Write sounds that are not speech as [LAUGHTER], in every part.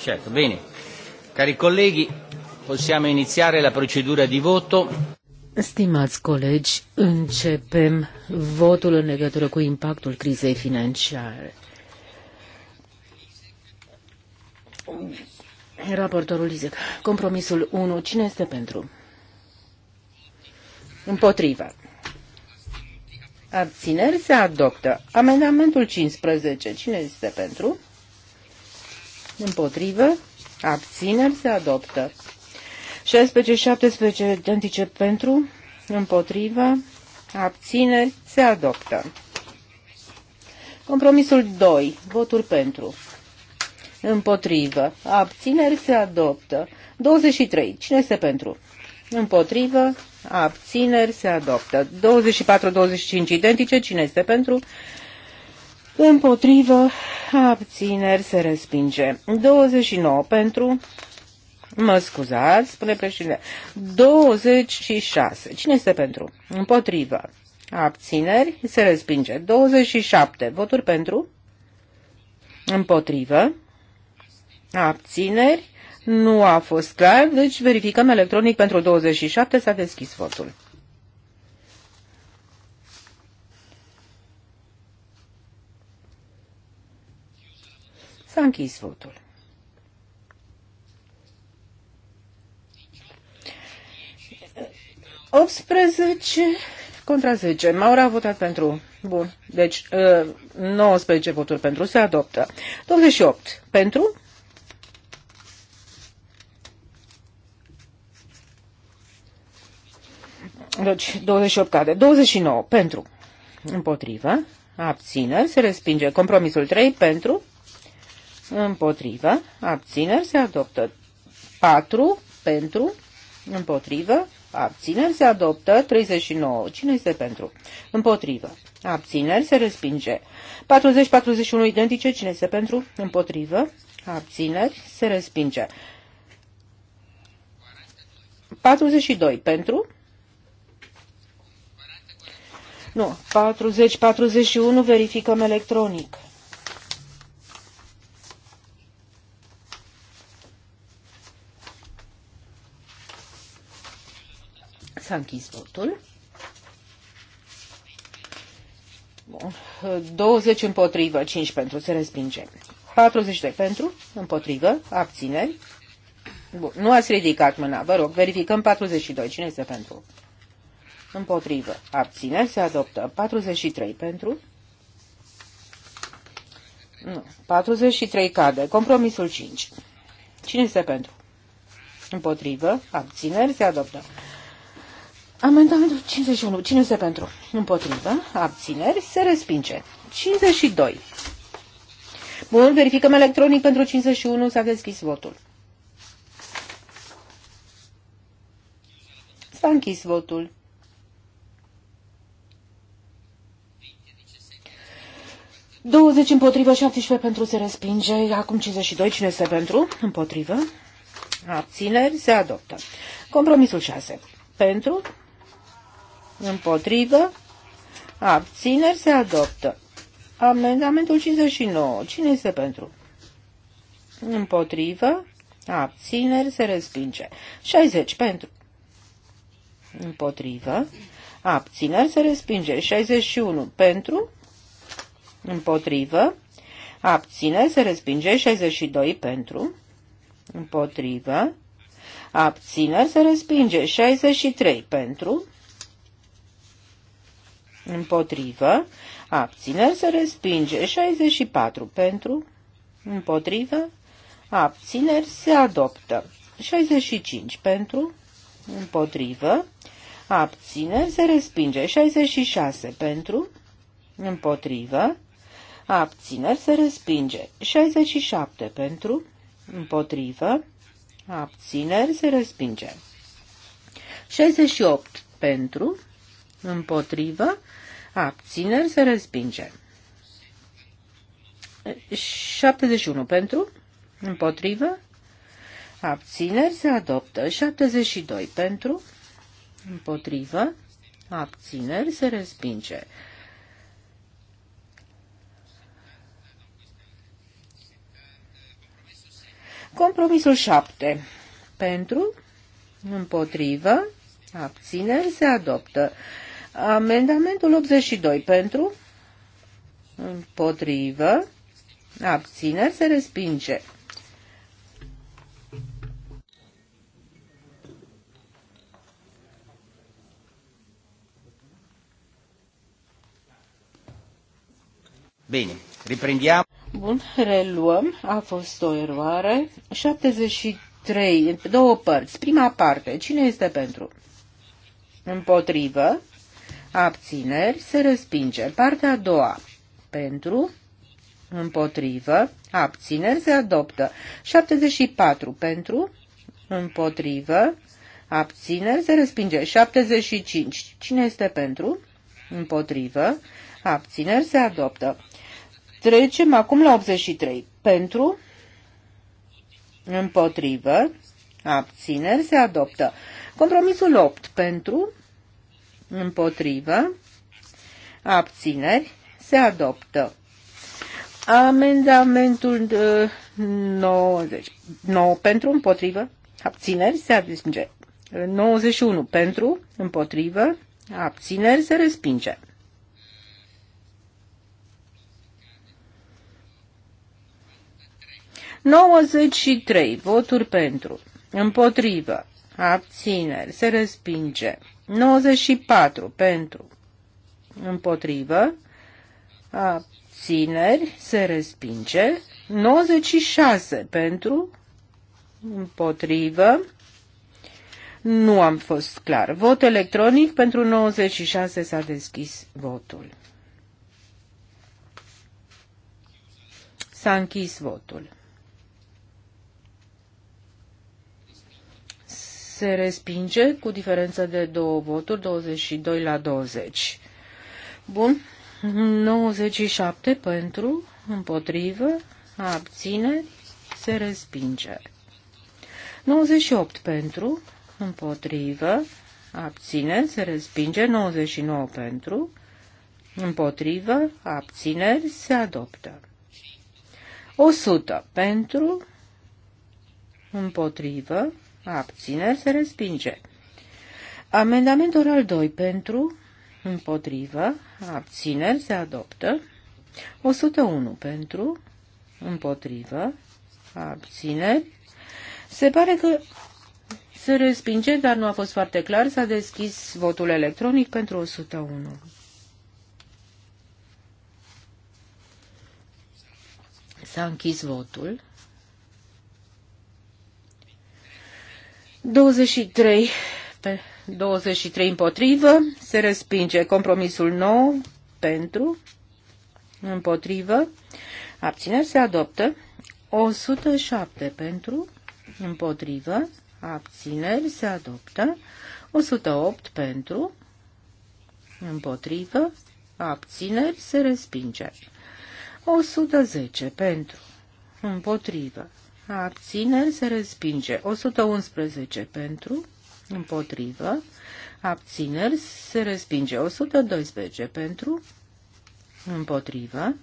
Certo, bene. Cari colleghi, possiamo iniziare la procedura di voto. Stimați colegi, începem votul în legătură cu impactul crizei financiare. Raportorul Lizec. Compromisul 1. Cine este pentru? Împotriva. Abțineri se adoptă. Amendamentul 15. Cine este pentru? împotrivă, abțineri, se adoptă. 16 17 identice pentru, împotrivă, abțineri, se adoptă. Compromisul 2, voturi pentru, împotrivă, abțineri, se adoptă. 23, cine este pentru? Împotrivă, abțineri, se adoptă. 24-25 identice, cine este pentru? Împotrivă, abțineri se respinge. 29 pentru, mă scuzați, spune președinte, 26. Cine este pentru? Împotrivă. Abțineri se respinge. 27. Voturi pentru? Împotrivă. Abțineri. Nu a fost clar, deci verificăm electronic pentru 27. S-a deschis votul. S-a închis votul. 18 contra 10. Maura a votat pentru. Bun. Deci 19 ă, voturi pentru. Se adoptă. 28 pentru. Deci 28 cade. 29 pentru. Împotrivă. Abțineri. Se respinge. Compromisul 3 pentru împotrivă, abțineri se adoptă 4 pentru, împotrivă, abțineri se adoptă 39. Cine este pentru? Împotrivă. Abțineri se respinge. 40-41 identice. Cine este pentru? Împotrivă. Abțineri se respinge. 42 pentru. Nu, 40-41 verificăm electronic. S-a închis votul. Bun. 20 împotrivă, 5 pentru, se respinge. 42 pentru, împotrivă, abțineri. Bun. Nu ați ridicat mâna, vă rog, verificăm 42. Cine este pentru? Împotrivă, abțineri, se adoptă. 43 pentru. Nu. 43 cade. Compromisul 5. Cine este pentru? Împotrivă, abțineri, se adoptă. Amendamentul 51. Cine este pentru? Împotrivă. Abțineri. Se respinge. 52. Bun, verificăm electronic pentru 51. S-a deschis votul. S-a închis votul. Douăzeci împotrivă, 17 pentru se respinge, acum 52, cine este pentru? Împotrivă. Abțineri, se adoptă. Compromisul 6. Pentru, Împotrivă? Abțineri se adoptă. Amendamentul 59. Cine este pentru? Împotrivă? Abțineri se respinge. 60 pentru. Împotrivă? Abțineri se respinge. 61 pentru. Împotrivă? Abțineri se respinge. 62 pentru. Împotrivă? Abțineri se respinge. 63 pentru împotrivă, abțineri se respinge. 64 pentru, împotrivă, abțineri se adoptă. 65 pentru, împotrivă, abțineri se respinge. 66 pentru, împotrivă, abțineri se respinge. 67 pentru, împotrivă, abțineri se respinge. 68 pentru, împotrivă, abțineri se respinge. 71 pentru, împotrivă, abțineri se adoptă. 72 pentru, împotrivă, abțineri se respinge. Compromisul 7. Pentru, împotrivă, abțineri se adoptă. Amendamentul 82 pentru, împotrivă, abțineri se respinge. Bine, riprendiamo. Bun, reluăm. A fost o eroare. 73, două părți. Prima parte, cine este pentru? Împotrivă, abțineri, se respinge. Partea a doua, pentru, împotrivă, abțineri, se adoptă. 74 pentru, împotrivă, abțineri, se respinge. 75, cine este pentru, împotrivă, abțineri, se adoptă. Trecem acum la 83. Pentru, împotrivă, abțineri, se adoptă. Compromisul 8. Pentru, Împotrivă. Abțineri. Se adoptă. Amendamentul 90. Uh, 9 pentru, împotrivă. Abțineri. Se respinge. 91 pentru, împotrivă. Abțineri. Se respinge. Nouăzeci și trei voturi pentru, împotrivă, abțineri, se respinge. 94 pentru împotrivă, abțineri, se respinge, 96 pentru împotrivă, nu am fost clar. Vot electronic pentru 96 s-a deschis votul. S-a închis votul. se respinge cu diferență de două voturi, 22 la 20. Bun. 97 pentru, împotrivă, abțineri, se respinge. 98 pentru, împotrivă, abțineri, se respinge. 99 pentru, împotrivă, abțineri, se adoptă. 100 pentru, împotrivă, abțineri, se respinge. Amendamentul al 2 pentru, împotrivă, abțineri, se adoptă. 101 pentru, împotrivă, abțineri. Se pare că se respinge, dar nu a fost foarte clar. S-a deschis votul electronic pentru 101. S-a închis votul. 23 pe 23 împotrivă, se respinge compromisul nou pentru, împotrivă, abțineri se adoptă, 107 pentru, împotrivă, abțineri se adoptă, 108 pentru, împotrivă, abțineri se respinge, 110 pentru, împotrivă, abțineri se respinge. 111 pentru, împotrivă, abțineri se respinge. 112 pentru, împotrivă,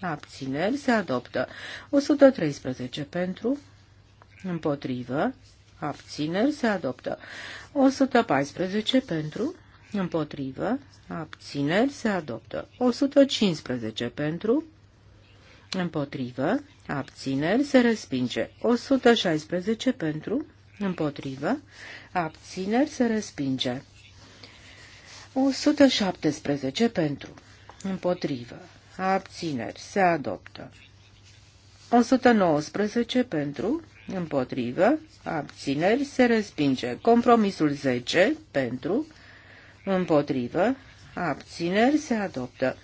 abțineri se adoptă. 113 pentru, împotrivă, abțineri se adoptă. 114 pentru, împotrivă, abțineri se adoptă. 115 pentru, împotrivă, abțineri, se respinge. 116 pentru, împotrivă, abțineri, se respinge. 117 pentru, împotrivă, abțineri, se adoptă. 119 pentru, împotrivă, abțineri, se respinge. Compromisul 10 pentru, împotrivă, abțineri, se adoptă.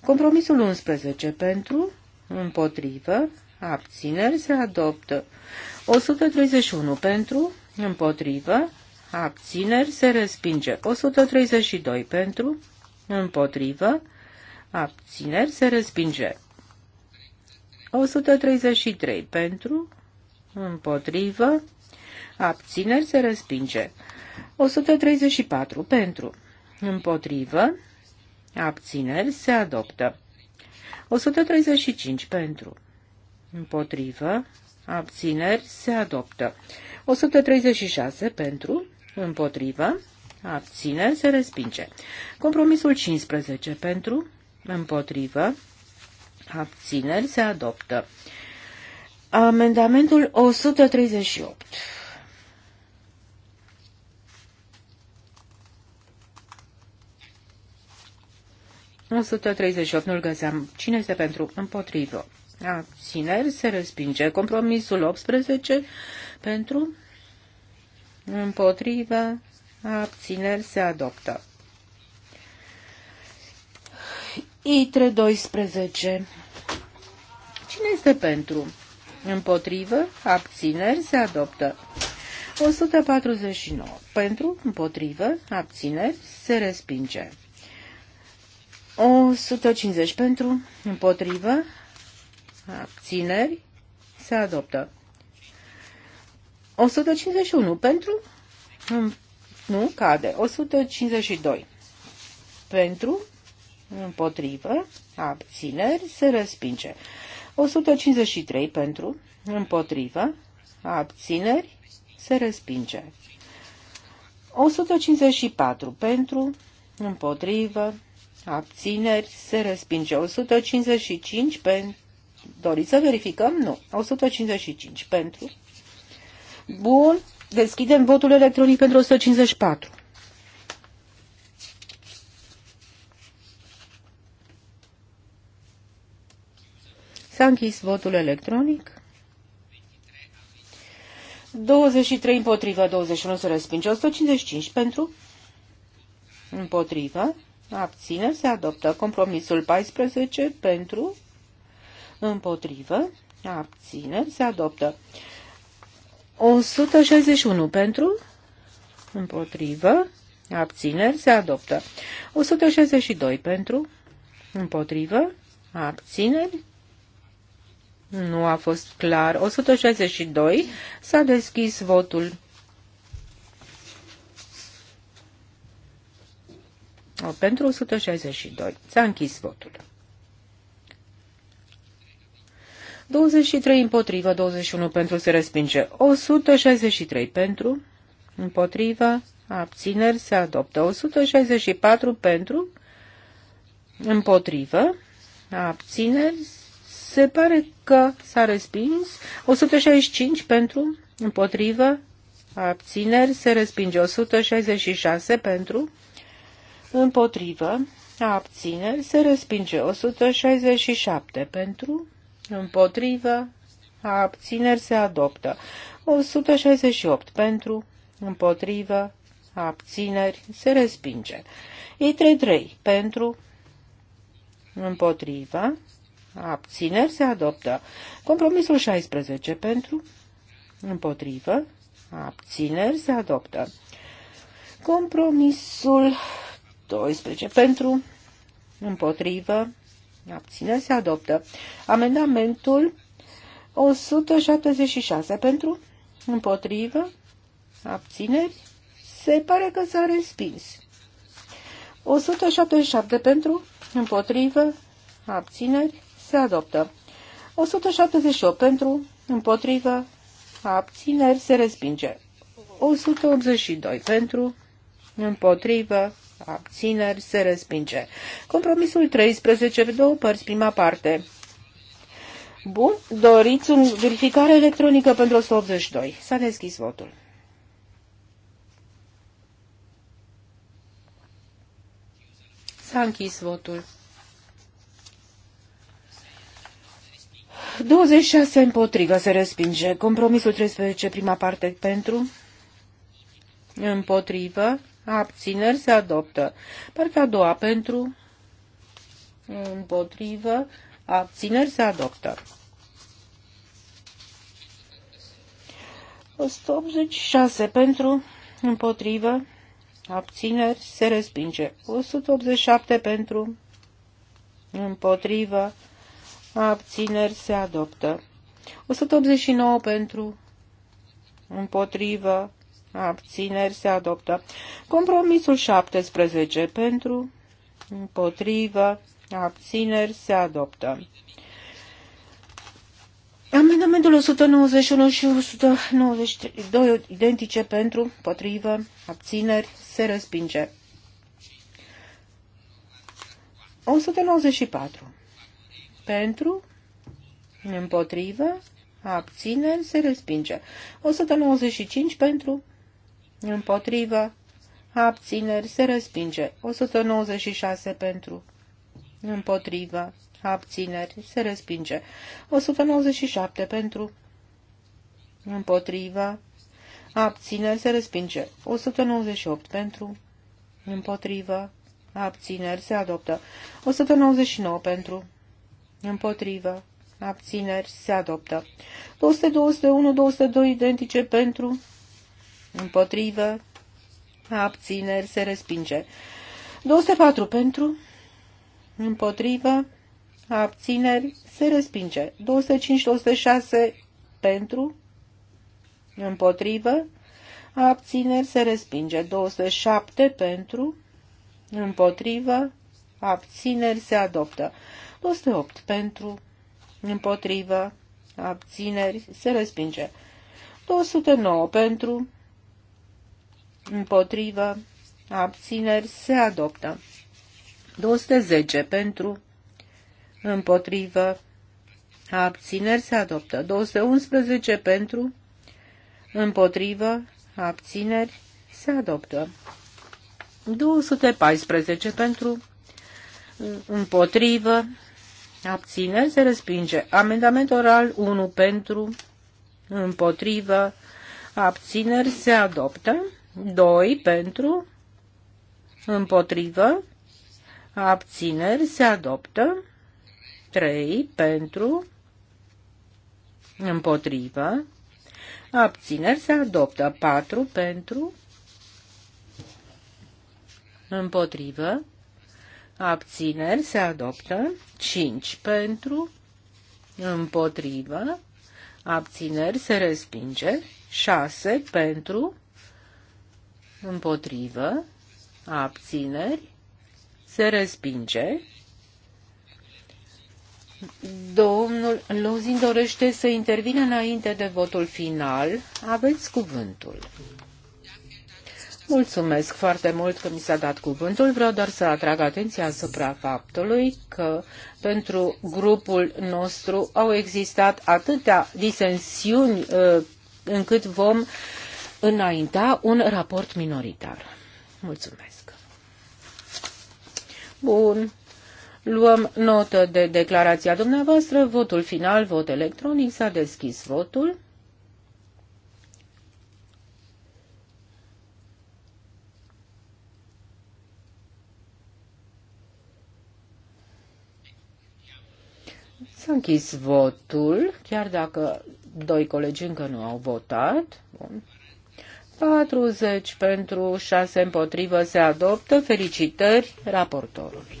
Compromisul 11 pentru, împotrivă, abțineri se adoptă. 131 pentru, împotrivă, abțineri se respinge. 132 pentru, împotrivă, abțineri se respinge. 133 pentru, împotrivă, abțineri se respinge. 134 pentru, împotrivă, abțineri se adoptă. 135 pentru. Împotrivă. Abțineri se adoptă. 136 pentru. Împotrivă. Abțineri se respinge. Compromisul 15 pentru. Împotrivă. Abțineri se adoptă. Amendamentul 138 138 nu-l găseam. Cine este pentru? Împotrivă. siner se respinge. Compromisul 18 pentru? Împotrivă. Abțineri se adoptă. ITRE 12. Cine este pentru? Împotrivă. Abțineri se adoptă. 149. Pentru, împotrivă, abțineri, se respinge. 150 pentru, împotrivă, abțineri, se adoptă. 151 pentru, nu, cade. 152 pentru, împotrivă, abțineri, se respinge. 153 pentru, împotrivă, abțineri, se respinge. 154 pentru, împotrivă, abțineri, se respinge. 155 pentru, doriți să verificăm? Nu. 155 pentru. Bun, deschidem votul electronic pentru 154. S-a închis votul electronic. 23 împotrivă, 21 se respinge, 155 pentru, împotrivă, abțineri se adoptă. Compromisul 14 pentru, împotrivă, abțineri se adoptă. 161 pentru, împotrivă, abțineri se adoptă. 162 pentru, împotrivă, abțineri nu a fost clar. 162 s-a deschis votul. Pentru 162. S-a închis votul. 23 împotrivă, 21 pentru se respinge. 163 pentru, împotrivă, abțineri se adoptă. 164 pentru, împotrivă, abțineri se pare că s-a respins. 165 pentru, împotrivă, abțineri se respinge. 166 pentru, împotrivă, abțineri, se respinge 167 pentru, împotrivă, abțineri, se adoptă 168 pentru, împotrivă, abțineri, se respinge. I33 pentru, împotrivă, abțineri, se adoptă. Compromisul 16 pentru, împotrivă, abțineri, se adoptă. Compromisul 12 pentru, împotrivă, abține, se adoptă. Amendamentul 176 pentru, împotrivă, abțineri, se pare că s-a respins. 177 pentru, împotrivă, abțineri, se adoptă. 178 pentru, împotrivă, abțineri, se respinge. 182 pentru, împotrivă, abțineri, se respinge. Compromisul 13, două părți, prima parte. Bun, doriți un verificare electronică pentru 182. S-a deschis votul. S-a închis votul. 26 împotrivă se respinge. Compromisul 13, prima parte pentru, împotrivă, abțineri se adoptă. Partea a doua pentru, împotrivă, abțineri se adoptă. 186 pentru, împotrivă, abțineri se respinge. 187 pentru, împotrivă, abțineri se adoptă. 189 pentru, împotrivă, abțineri se adoptă. Compromisul 17 pentru, împotrivă, abțineri se adoptă. Amendamentul 191 și 192 identice pentru, potrivă, abțineri, se respinge. 194. Pentru, împotrivă, abțineri, se respinge. 195 pentru, împotrivă, abțineri, se respinge. 196 pentru, împotrivă, abțineri, se respinge. 197 pentru, împotrivă, abțineri, se respinge. 198 pentru, împotrivă, abțineri, se adoptă. 199 pentru, împotrivă, abțineri, se adoptă. 200, 201, 202 identice pentru, împotrivă, abțineri, se respinge. 204 pentru, împotrivă, abțineri, se respinge. 205-206 pentru, împotrivă, abțineri, se respinge. 207 pentru, împotrivă, abțineri, se adoptă. 208 pentru, împotrivă, abțineri, se respinge. 209 pentru, împotrivă, abțineri, se adoptă. 210 pentru, împotrivă, abțineri, se adoptă. 211 pentru, împotrivă, abțineri, se adoptă. 214 pentru, împotrivă, abțineri, se respinge. Amendament oral 1 pentru, împotrivă, abțineri, se adoptă. 2 pentru, împotrivă, abțineri se adoptă, 3 pentru, împotrivă, abțineri se adoptă, 4 pentru, împotrivă, abțineri se adoptă, 5 pentru, împotrivă, abțineri se respinge, 6 pentru, împotrivă, abțineri, se respinge. Domnul Lozin dorește să intervină înainte de votul final. Aveți cuvântul. Mulțumesc foarte mult că mi s-a dat cuvântul. Vreau doar să atrag atenția asupra faptului că pentru grupul nostru au existat atâtea disensiuni uh, încât vom uh, înainta un raport minoritar. Mulțumesc. Bun. Luăm notă de declarația dumneavoastră, votul final, vot electronic, s-a deschis votul. S-a închis votul, chiar dacă doi colegi încă nu au votat. Bun. 40 pentru, 6 împotrivă se adoptă. Felicitări raportorului.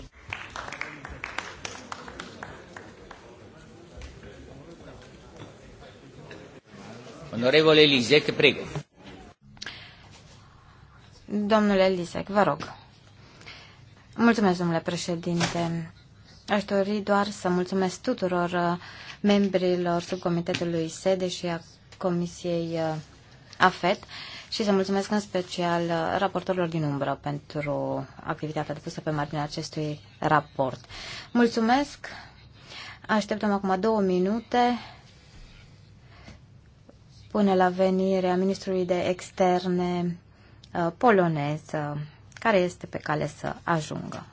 Onorevole Lisec, prego. Domnule Lisec, vă rog. Mulțumesc, domnule președinte. Aș dori doar să mulțumesc tuturor uh, membrilor subcomitetului SEDE și a Comisiei uh, AFET și să mulțumesc în special uh, raportorilor din umbră pentru activitatea depusă pe marginea acestui raport. Mulțumesc! Așteptăm acum două minute până la venirea ministrului de externe uh, polonez, uh, care este pe cale să ajungă.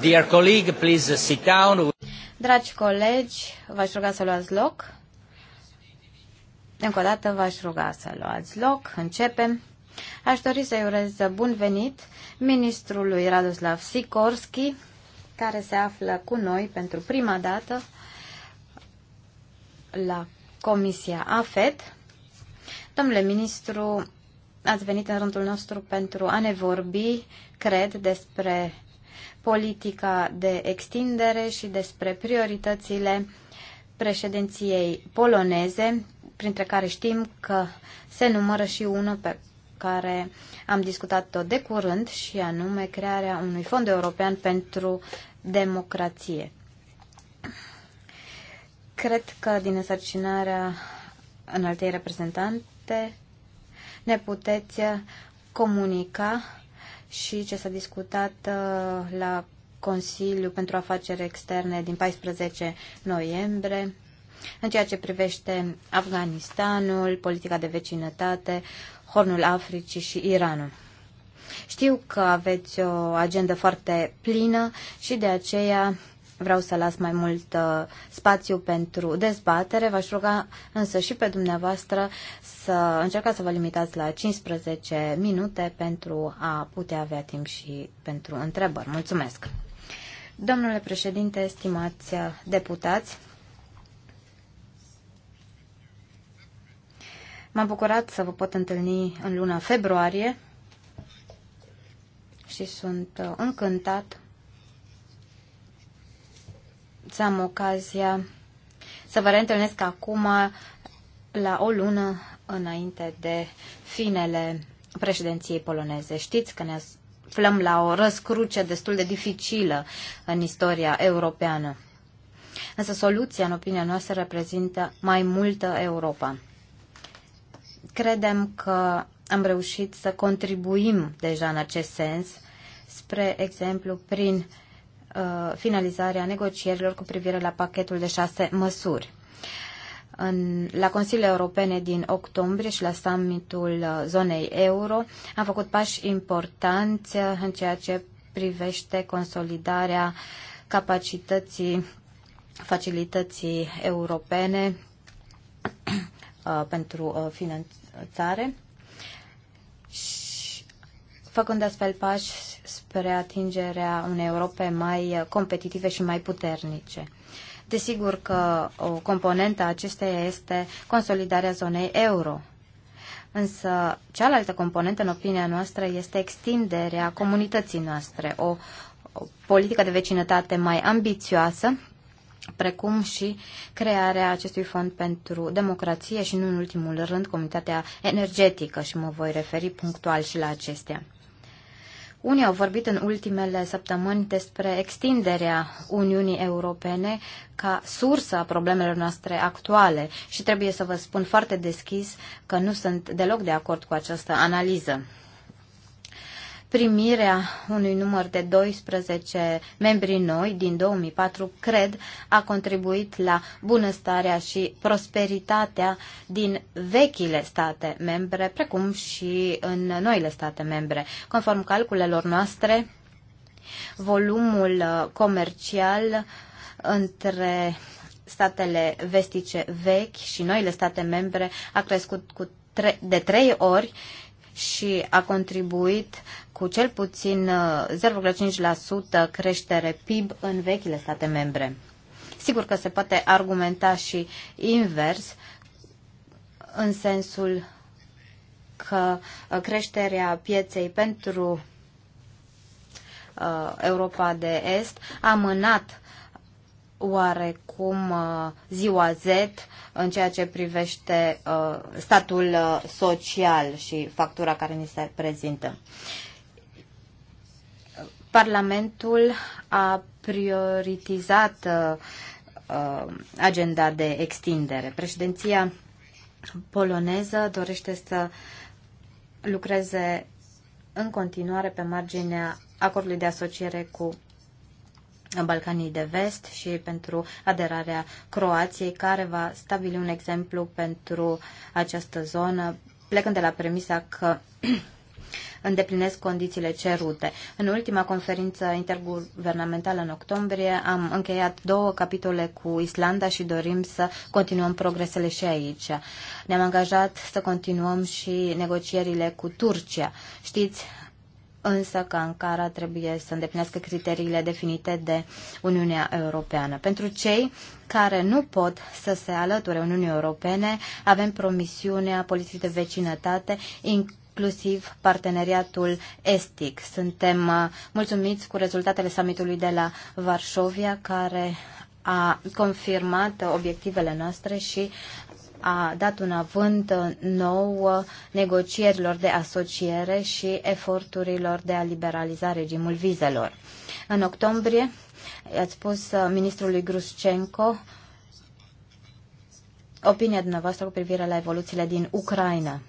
Dear colleague, please sit down. Dragi colegi, v-aș ruga să luați loc. Încă o dată v-aș ruga să luați loc. Începem. Aș dori să-i urez bun venit ministrului Radoslav Sikorski, care se află cu noi pentru prima dată la Comisia AFET. Domnule ministru, ați venit în rândul nostru pentru a ne vorbi, cred, despre politica de extindere și despre prioritățile președinției poloneze, printre care știm că se numără și unul pe care am discutat-o de curând și anume crearea unui fond european pentru democrație. Cred că din însărcinarea înaltei reprezentante ne puteți comunica și ce s-a discutat uh, la Consiliul pentru Afaceri Externe din 14 noiembrie în ceea ce privește Afganistanul, politica de vecinătate, Hornul Africii și Iranul. Știu că aveți o agendă foarte plină și de aceea vreau să las mai mult uh, spațiu pentru dezbatere. V-aș ruga însă și pe dumneavoastră să încercați să vă limitați la 15 minute pentru a putea avea timp și pentru întrebări. Mulțumesc! Domnule președinte, stimați uh, deputați, m-am bucurat să vă pot întâlni în luna februarie și sunt uh, încântat să am ocazia să vă reîntâlnesc acum la o lună înainte de finele președinției poloneze. Știți că ne aflăm la o răscruce destul de dificilă în istoria europeană. Însă soluția, în opinia noastră, reprezintă mai multă Europa. Credem că am reușit să contribuim deja în acest sens, spre exemplu, prin uh, Uh, finalizarea negocierilor cu privire la pachetul de șase măsuri. În, la Consiliul Europene din octombrie și la summitul uh, zonei euro am făcut pași importanți uh, în ceea ce privește consolidarea capacității facilității europene pentru finanțare și făcând astfel pași spre atingerea unei Europe mai competitive și mai puternice. Desigur că o componentă acesteia este consolidarea zonei euro. Însă cealaltă componentă, în opinia noastră, este extinderea comunității noastre, o, o politică de vecinătate mai ambițioasă, precum și crearea acestui fond pentru democrație și, nu în ultimul rând, comunitatea energetică și mă voi referi punctual și la acestea. Unii au vorbit în ultimele săptămâni despre extinderea Uniunii Europene ca sursă a problemelor noastre actuale și trebuie să vă spun foarte deschis că nu sunt deloc de acord cu această analiză primirea unui număr de 12 membri noi din 2004, cred, a contribuit la bunăstarea și prosperitatea din vechile state membre, precum și în noile state membre. Conform calculelor noastre, volumul uh, comercial uh, între statele vestice vechi și noile state membre a crescut cu tre- de trei ori și a contribuit cu cel puțin 0,5% uh, creștere PIB în vechile state membre. Sigur că se poate argumenta și invers, în sensul că uh, creșterea pieței pentru uh, Europa de Est a mânat oarecum uh, ziua Z în ceea ce privește uh, statul uh, social și factura care ni se prezintă. Parlamentul a prioritizat agenda de extindere. Președinția poloneză dorește să lucreze în continuare pe marginea acordului de asociere cu Balcanii de Vest și pentru aderarea Croației, care va stabili un exemplu pentru această zonă, plecând de la premisa că [CLEARS THROAT] îndeplinesc condițiile cerute. În ultima conferință interguvernamentală în octombrie am încheiat două capitole cu Islanda și dorim să continuăm progresele și aici. Ne-am angajat să continuăm și negocierile cu Turcia. Știți, însă că Ankara trebuie să îndeplinească criteriile definite de Uniunea Europeană. Pentru cei care nu pot să se alăture Uniunii Europene, avem promisiunea politicii de vecinătate, inclusiv parteneriatul estic. Suntem uh, mulțumiți cu rezultatele summitului de la Varșovia, care a confirmat obiectivele noastre și a dat un avânt uh, nou uh, negocierilor de asociere și eforturilor de a liberaliza regimul vizelor. În octombrie, i-ați spus uh, ministrului Gruscenco opinia dumneavoastră cu privire la evoluțiile din Ucraina.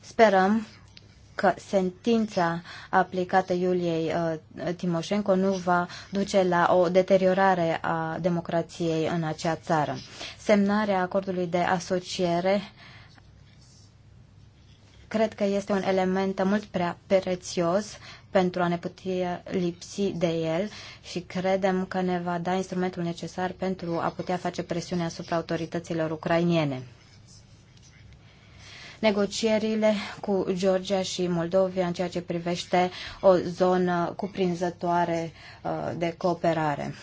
Sperăm că sentința aplicată Iuliei uh, Timoșenko nu va duce la o deteriorare a democrației în acea țară. Semnarea acordului de asociere cred că este un element mult prea prețios pentru a ne putea lipsi de el și credem că ne va da instrumentul necesar pentru a putea face presiune asupra autorităților ucrainiene negocierile cu Georgia și Moldovia în ceea ce privește o zonă cuprinzătoare uh, de cooperare.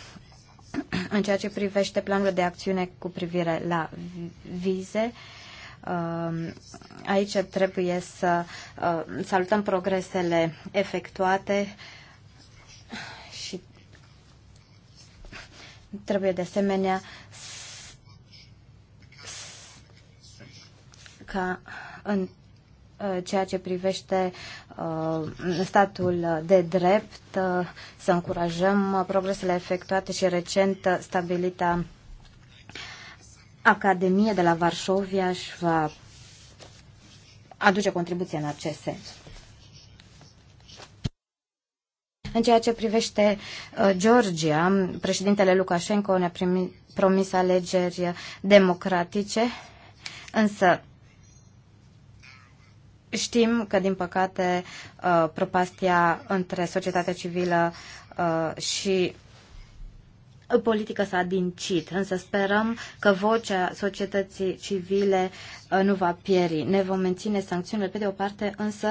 [CLEARS THROAT] În ceea ce privește planul de acțiune cu privire la vize, um, aici trebuie să uh, salutăm progresele efectuate și trebuie de asemenea ca în uh, ceea ce privește uh, statul de drept, uh, să încurajăm progresele efectuate și recent stabilita Academie de la Varșovia și va aduce contribuție în acest sens. În ceea ce privește Georgia, președintele Lukashenko ne-a promis alegeri democratice, însă Știm că, din păcate, uh, propastia între societatea civilă uh, și politică s-a dincit, însă sperăm că vocea societății civile uh, nu va pieri. Ne vom menține sancțiunile pe de o parte, însă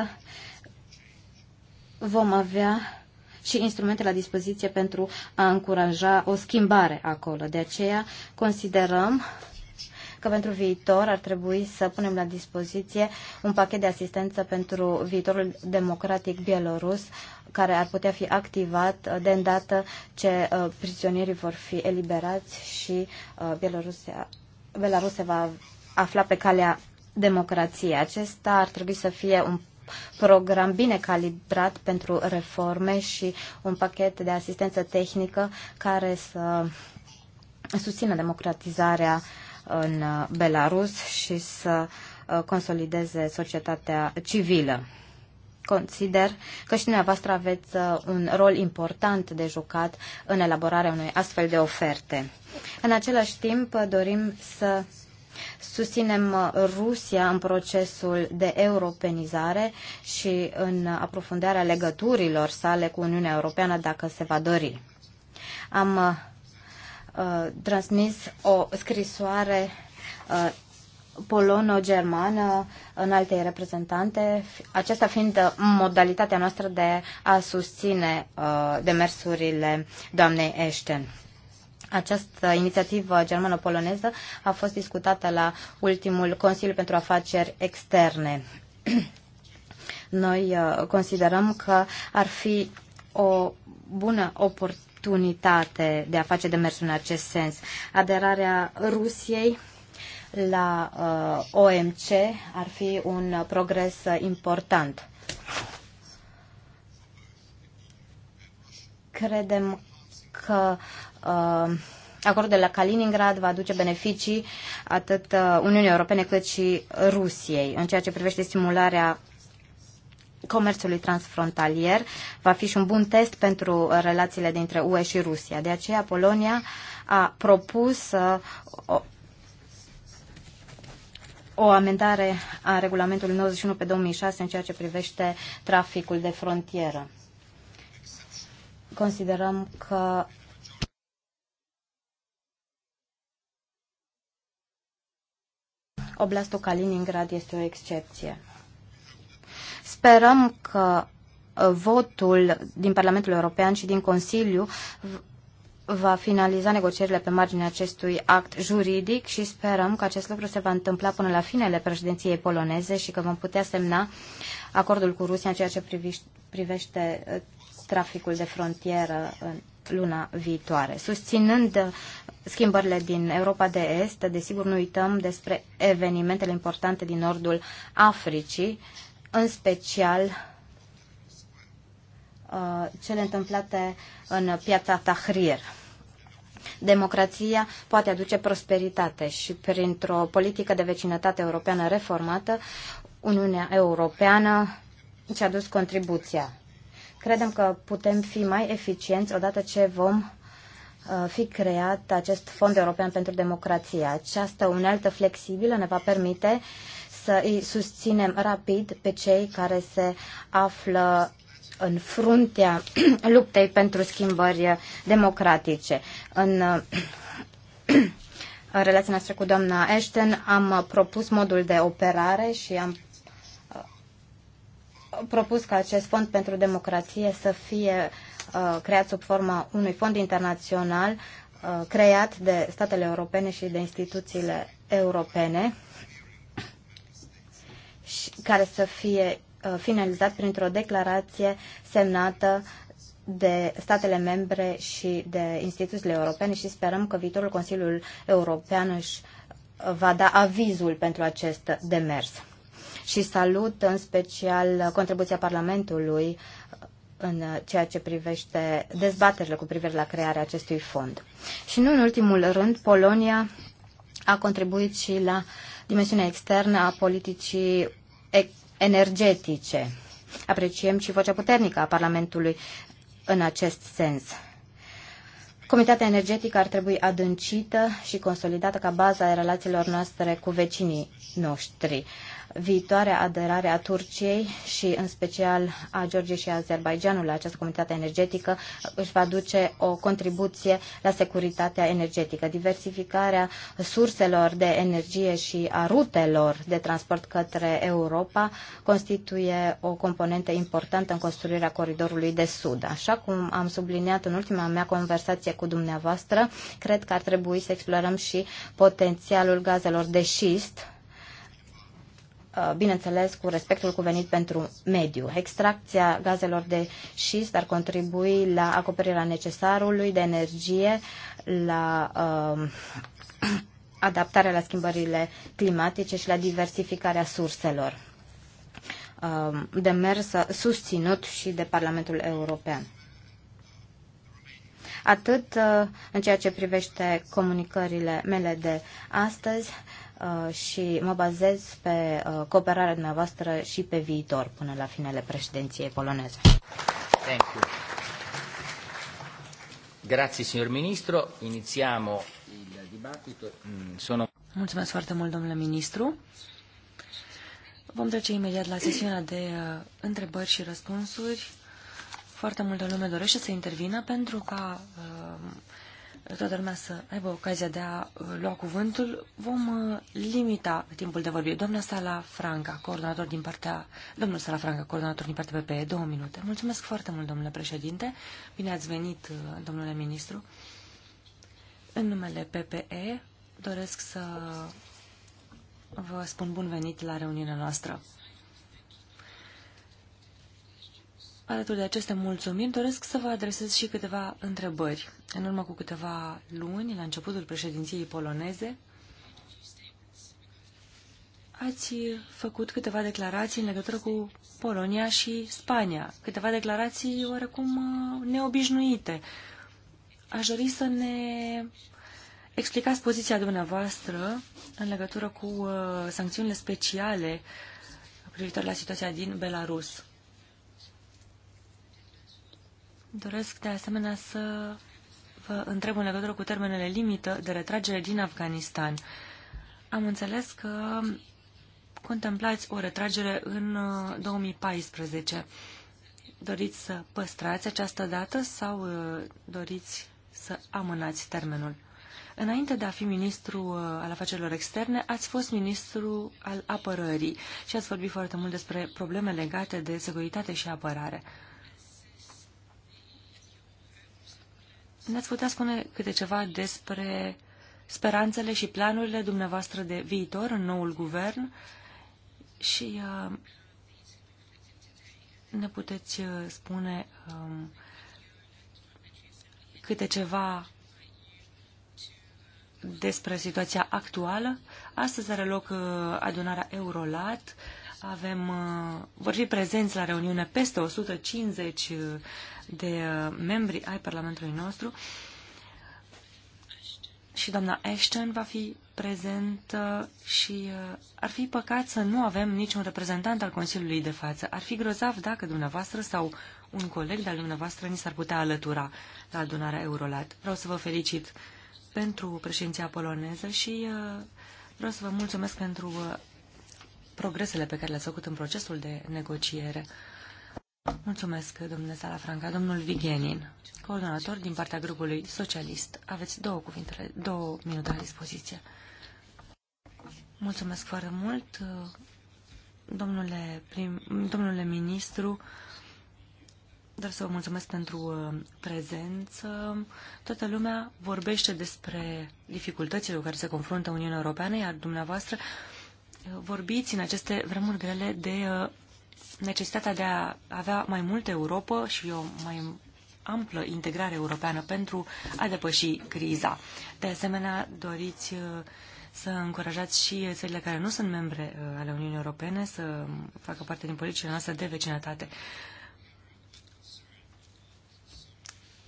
vom avea și instrumente la dispoziție pentru a încuraja o schimbare acolo. De aceea considerăm că pentru viitor ar trebui să punem la dispoziție un pachet de asistență pentru viitorul democratic bielorus, care ar putea fi activat uh, de îndată ce uh, prizonierii vor fi eliberați și uh, Belarus se va afla pe calea democrației. Acesta ar trebui să fie un program bine calibrat pentru reforme și un pachet de asistență tehnică care să susțină democratizarea în uh, Belarus și să uh, consolideze societatea civilă. Consider că și dumneavoastră aveți uh, un rol important de jucat în elaborarea unei astfel de oferte. În același timp, dorim să Susținem Rusia în procesul de europenizare și în aprofundarea legăturilor sale cu Uniunea Europeană, dacă se va dori. Am Uh, transmis o scrisoare uh, polono-germană în alte reprezentante, aceasta fiind uh, modalitatea noastră de a susține demersurile doamnei Ashton. Această inițiativă germano-poloneză a fost discutată la ultimul Consiliu pentru Afaceri Externe. Noi considerăm că ar fi o bună oportunitate oportunitate de a face demersul în acest sens. Aderarea Rusiei la uh, OMC ar fi un progres important. Credem că uh, acordul de la Kaliningrad va aduce beneficii atât uh, Uniunii Europene cât și Rusiei în ceea ce privește stimularea comerțului transfrontalier va fi și un bun test pentru uh, relațiile dintre UE și Rusia. De aceea Polonia a propus uh, o, o amendare a regulamentului 91 pe 2006 în ceea ce privește traficul de frontieră. Considerăm că Oblastul Kaliningrad este o excepție. Sperăm că uh, votul din Parlamentul European și din Consiliu va finaliza negocierile pe marginea acestui act juridic și sperăm că acest lucru se va întâmpla până la finele președinției poloneze și că vom putea semna acordul cu Rusia în ceea ce privește uh, traficul de frontieră în luna viitoare. Susținând uh, schimbările din Europa de Est, desigur nu uităm despre evenimentele importante din nordul Africii, în special uh, cele întâmplate în piața Tahrir. Democrația poate aduce prosperitate și printr-o politică de vecinătate europeană reformată, Uniunea Europeană ci a dus contribuția. Credem că putem fi mai eficienți odată ce vom uh, fi creat acest Fond European pentru Democrație. Această unealtă flexibilă ne va permite uh, să îi susținem rapid pe cei care se află în fruntea [CLEARS THROAT] luptei pentru schimbări democratice. În [CLEARS THROAT] în relația noastră cu doamna Ashton am propus modul de operare și am uh, propus ca acest fond pentru democrație să fie uh, creat sub forma unui fond internațional uh, creat de statele europene și de instituțiile europene care să fie uh, finalizat printr-o declarație semnată de statele membre și de instituțiile europene și sperăm că viitorul Consiliul European își uh, va da avizul pentru acest demers. Și salut în special contribuția Parlamentului uh, în ceea ce privește dezbaterile cu privire la crearea acestui fond. Și nu în ultimul rând, Polonia a contribuit și la dimensiunea externă a politicii energetice. Apreciem și vocea puternică a Parlamentului în acest sens. Comunitatea energetică ar trebui adâncită și consolidată ca baza a relațiilor noastre cu vecinii noștri viitoarea aderare a Turciei și în special a Georgiei și Azerbaijanului la această comunitate energetică își va duce o contribuție la securitatea energetică. Diversificarea surselor de energie și a rutelor de transport către Europa constituie o componentă importantă în construirea coridorului de sud. Așa cum am subliniat în ultima mea conversație cu dumneavoastră, cred că ar trebui să explorăm și potențialul gazelor de șist Uh, bineînțeles, cu respectul cuvenit pentru mediu. Extracția gazelor de șist ar contribui la acoperirea necesarului de energie, la uh, [CLEARS THROAT] adaptarea la schimbările climatice și la diversificarea surselor. Uh, demers uh, susținut și de Parlamentul European. Atât uh, în ceea ce privește comunicările mele de astăzi, Uh, și mă bazez pe uh, cooperarea dumneavoastră și pe viitor până la finele președinției poloneze. Thank you. Grazie, signor Ministro. Iniziamo il dibattito. Mm, sono... Mulțumesc foarte mult, domnule ministru. Vom trece imediat la sesiunea de uh, întrebări și răspunsuri. Foarte multă lume dorește să intervină pentru ca uh, toată lumea să aibă ocazia de a uh, lua cuvântul, vom uh, limita timpul de vorbire. Doamna Sala Franca, coordonator din partea, domnul Sala Franca, coordonator din partea PPE, două minute. Mulțumesc foarte mult, domnule președinte. Bine ați venit, uh, domnule ministru. În numele PPE doresc să vă spun bun venit la reuniunea noastră. Alături de aceste mulțumiri, doresc să vă adresez și câteva întrebări. În urmă cu câteva luni, la începutul președinției poloneze, ați făcut câteva declarații în legătură cu Polonia și Spania. Câteva declarații oarecum uh, neobișnuite. Aș dori să ne explicați poziția dumneavoastră în legătură cu uh, sancțiunile speciale privitoare la situația din Belarus. Doresc de asemenea să vă întreb în legătură cu termenele limită de retragere din Afganistan. Am înțeles că contemplați o retragere în 2014. Uh, doriți să păstrați această dată sau uh, doriți să amânați termenul? Înainte de a fi ministru uh, al afacerilor externe, ați fost ministru al apărării și ați vorbit foarte mult despre probleme legate de securitate și apărare. Uh, Ne-ați putea spune câte ceva despre speranțele și planurile dumneavoastră de viitor în noul guvern și uh, ne puteți uh, spune um, câte ceva despre situația actuală. Astăzi are loc uh, adunarea Eurolat, avem, uh, vor fi prezenți la reuniune peste 150 uh, de uh, membri ai Parlamentului nostru și doamna Ashton va fi prezentă și ar fi păcat să nu avem niciun reprezentant al Consiliului de față. Ar fi grozav dacă dumneavoastră sau un coleg de-al dumneavoastră ni s-ar putea alătura la adunarea Eurolat. Vreau să vă felicit pentru președinția poloneză și vreau să vă mulțumesc pentru progresele pe care le-ați făcut în procesul de negociere. Mulțumesc, domnule Franca Domnul Vigenin, coordonator din partea grupului socialist. Aveți două cuvinte, două minute la dispoziție. Mulțumesc foarte mult, domnule, prim, domnule ministru. Dar să vă mulțumesc pentru uh, prezență. Toată lumea vorbește despre dificultățile cu care se confruntă Uniunea Europeană, iar dumneavoastră vorbiți în aceste vremuri grele de uh, necesitatea de a avea mai multă Europa și o mai amplă integrare europeană pentru a depăși criza. De asemenea, doriți uh, să încurajați și țările care nu sunt membre uh, ale Uniunii Europene să facă parte din politicile noastre de vecinătate.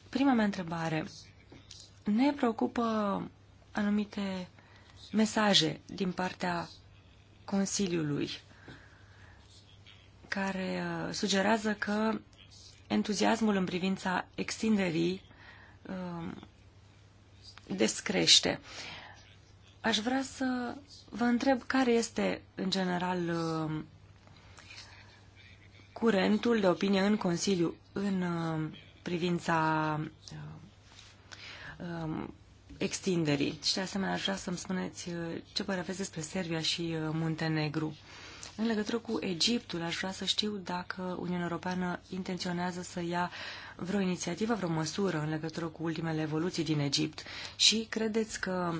Prima mea întrebare. Ne preocupă anumite mesaje din partea Consiliului, care uh, sugerează că entuziasmul în privința extinderii um, descrește. Aș vrea să vă întreb care este, în general, um, curentul de opinie în Consiliu în um, privința extinderii. Și de asemenea aș vrea să-mi spuneți uh, ce părere aveți despre Serbia și uh, Muntenegru. În legătură cu Egiptul, aș vrea să știu dacă Uniunea Europeană intenționează să ia vreo inițiativă, vreo măsură în legătură cu ultimele evoluții din Egipt și credeți că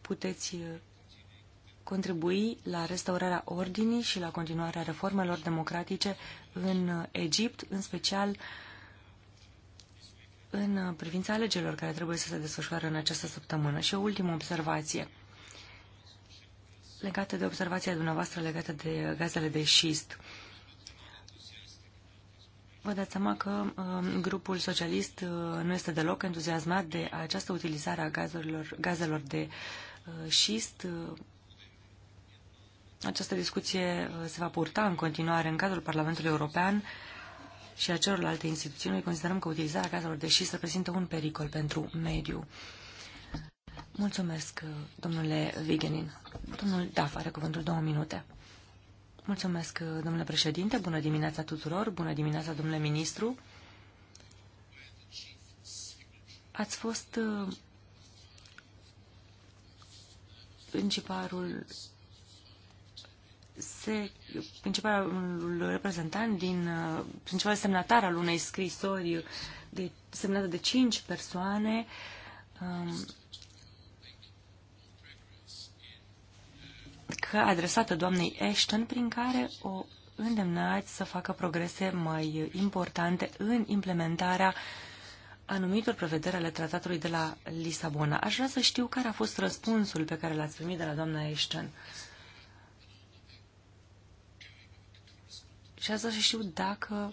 puteți uh, contribui la restaurarea ordinii și la continuarea reformelor democratice în Egipt, în special în privința alegerilor care trebuie să se desfășoare în această săptămână. Și o ultimă observație legată de observația dumneavoastră legată de gazele de șist. Vă dați seama că uh, grupul socialist uh, nu este deloc entuziasmat de această utilizare a gazelor, gazelor de uh, șist. Uh, această discuție uh, se va purta în continuare în cadrul Parlamentului European uh, și a celorlalte instituții, noi considerăm că utilizarea gazelor de șist reprezintă un pericol pentru mediu. Mulțumesc, domnule Vigenin. Domnul Daf are cuvântul două minute. Mulțumesc, domnule președinte. Bună dimineața tuturor. Bună dimineața, domnule ministru. Ați fost uh, principalul se, principalul reprezentant din, uh, principalul semnatar al unei scrisori de, semnată de cinci persoane um, că adresată doamnei Ashton, prin care o îndemnați să facă progrese mai importante în implementarea anumitor prevederi ale tratatului de la Lisabona. Aș vrea să știu care a fost răspunsul pe care l-ați primit de la doamna Ashton. Uh, Și asta să știu dacă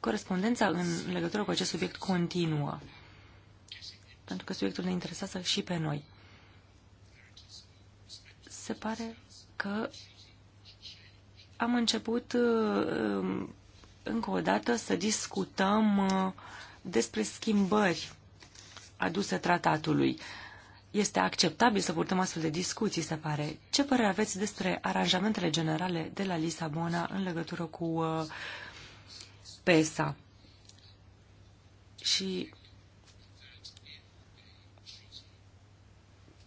corespondența în legătură cu acest subiect continuă. Pentru că subiectul ne interesează și pe noi. Se pare că am început uh, încă o dată să discutăm uh, despre schimbări aduse tratatului. Uh, este acceptabil să purtăm astfel de discuții, se pare. Ce părere aveți despre aranjamentele generale de la Lisabona în legătură cu uh, PESA? Și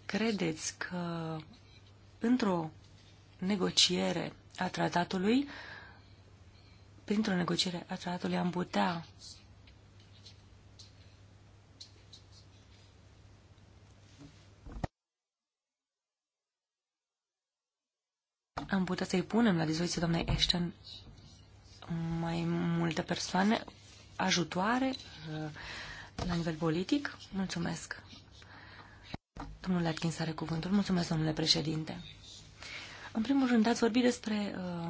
credeți că într-o negociere a tratatului, printr-o negociere a tratatului am putea Am putea să-i punem la dispoziție doamnei Ashton mai multe persoane, ajutoare uh, la nivel politic? Mulțumesc. Domnul Atkins are cuvântul. Mulțumesc, domnule președinte. În primul rând, ați vorbit despre uh,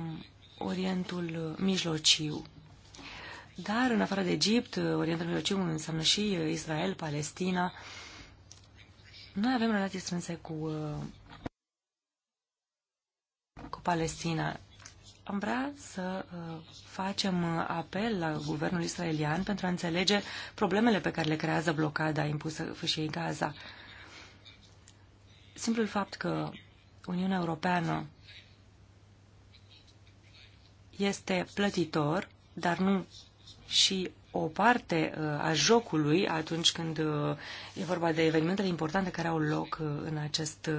Orientul Mijlociu. Dar, în afară de Egipt, uh, Orientul Mijlociu înseamnă și uh, Israel, Palestina. Noi avem relații strânse cu uh, Palestina. Am vrea să uh, facem uh, apel la guvernul israelian pentru a înțelege problemele pe care le creează blocada impusă fâșiei Gaza. Simplul fapt că Uniunea Europeană este plătitor, dar nu și o parte uh, a jocului atunci când uh, e vorba de evenimentele importante care au loc uh, în, acest,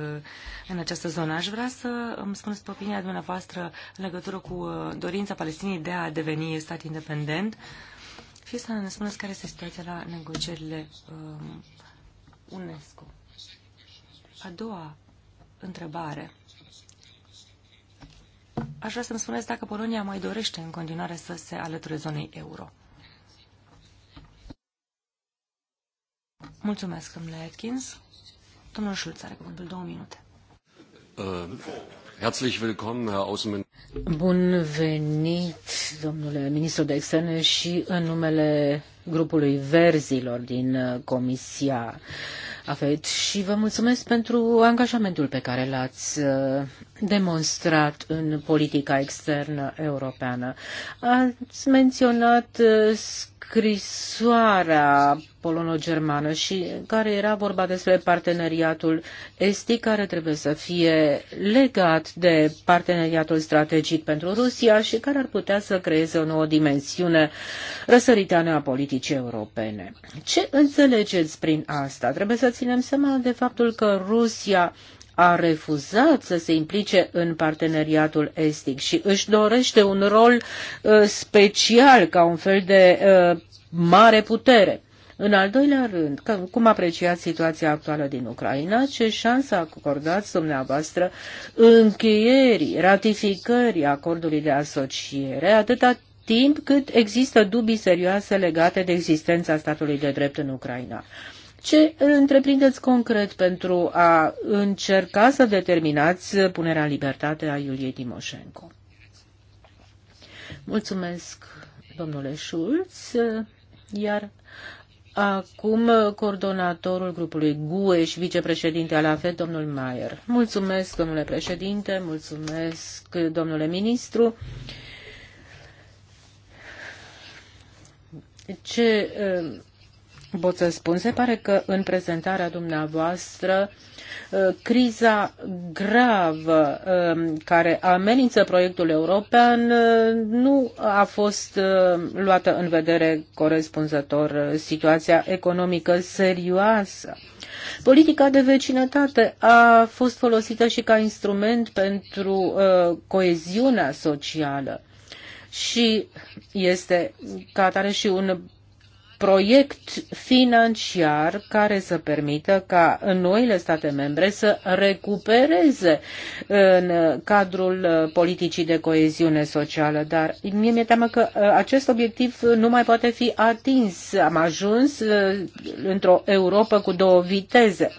în această zonă. Aș vrea să îmi spuneți pe opinia dumneavoastră în legătură cu dorința Palestinii de a deveni stat independent fie să ne spuneți care este situația la negocierile um, UNESCO. A doua întrebare. Aș vrea să-mi spuneți dacă Polonia mai dorește în continuare să se alăture zonei euro. Mulțumesc, domnule Atkins. Domnul Schulz are cuvântul două minute. Uh, herzlich willkommen, Herr Außenminister. Bun venit, domnule ministru de externe, și în numele grupului verzilor din uh, Comisia AFET și vă mulțumesc pentru angajamentul pe care l-ați uh, demonstrat în politica externă europeană. Ați menționat scrisoarea polono-germană și în care era vorba despre parteneriatul estic care trebuie să fie legat de parteneriatul strategic pentru Rusia și care ar putea să creeze o nouă dimensiune răsăriteană a politicii europene. Ce înțelegeți prin asta? Trebuie să ținem seama de faptul că Rusia a refuzat să se implice în parteneriatul estic și își dorește un rol uh, special ca un fel de uh, mare putere. În al doilea rând, cum apreciați situația actuală din Ucraina, ce șansă acordați dumneavoastră încheierii, ratificării acordului de asociere, atâta timp cât există dubii serioase legate de existența statului de drept în Ucraina? Ce întreprindeți concret pentru a încerca să determinați punerea în libertate a Iuliei Timoșenko? Mulțumesc, domnule Schulz. Iar Acum, coordonatorul grupului GUE și vicepreședinte al AFET, domnul Mayer. Mulțumesc, domnule președinte, mulțumesc, domnule ministru. Ce pot să spun, se pare că în prezentarea dumneavoastră uh, criza gravă um, care amenință proiectul european uh, nu a fost uh, luată în vedere corespunzător situația economică serioasă. Politica de vecinătate a fost folosită și ca instrument pentru coeziunea socială și este ca atare și un proiect financiar care să permită ca noile state membre să recupereze în cadrul politicii de coeziune socială. Dar mie mi-e teamă că uh, acest obiectiv nu mai poate fi atins. Am ajuns uh, într-o Europa cu două viteze.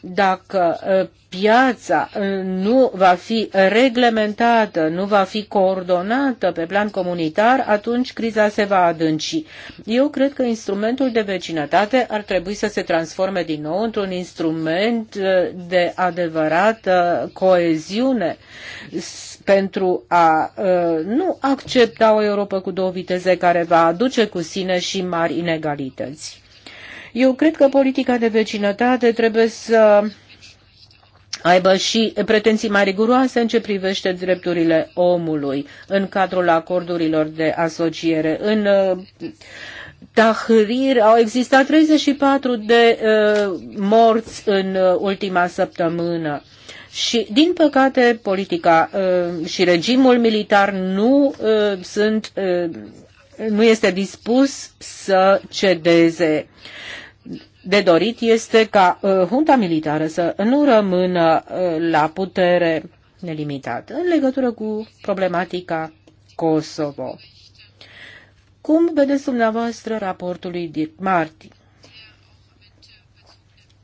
Dacă piața nu va fi reglementată, nu va fi coordonată pe plan comunitar, atunci criza se va adânci. Eu cred că instrumentul de vecinătate ar trebui să se transforme din nou într-un instrument de adevărată coeziune pentru a nu accepta o Europa cu două viteze care va aduce cu sine și mari inegalități. Eu cred că politica de vecinătate trebuie să aibă și pretenții mai riguroase în ce privește drepturile omului în cadrul acordurilor de asociere. În uh, Tahrir au existat 34 de uh, morți în uh, ultima săptămână. Și, din păcate, politica uh, și regimul militar nu uh, sunt uh, nu este dispus să cedeze de dorit este ca uh, junta militară să nu rămână uh, la putere nelimitată în legătură cu problematica Kosovo. Cum vedeți dumneavoastră raportul lui Dirk Marti,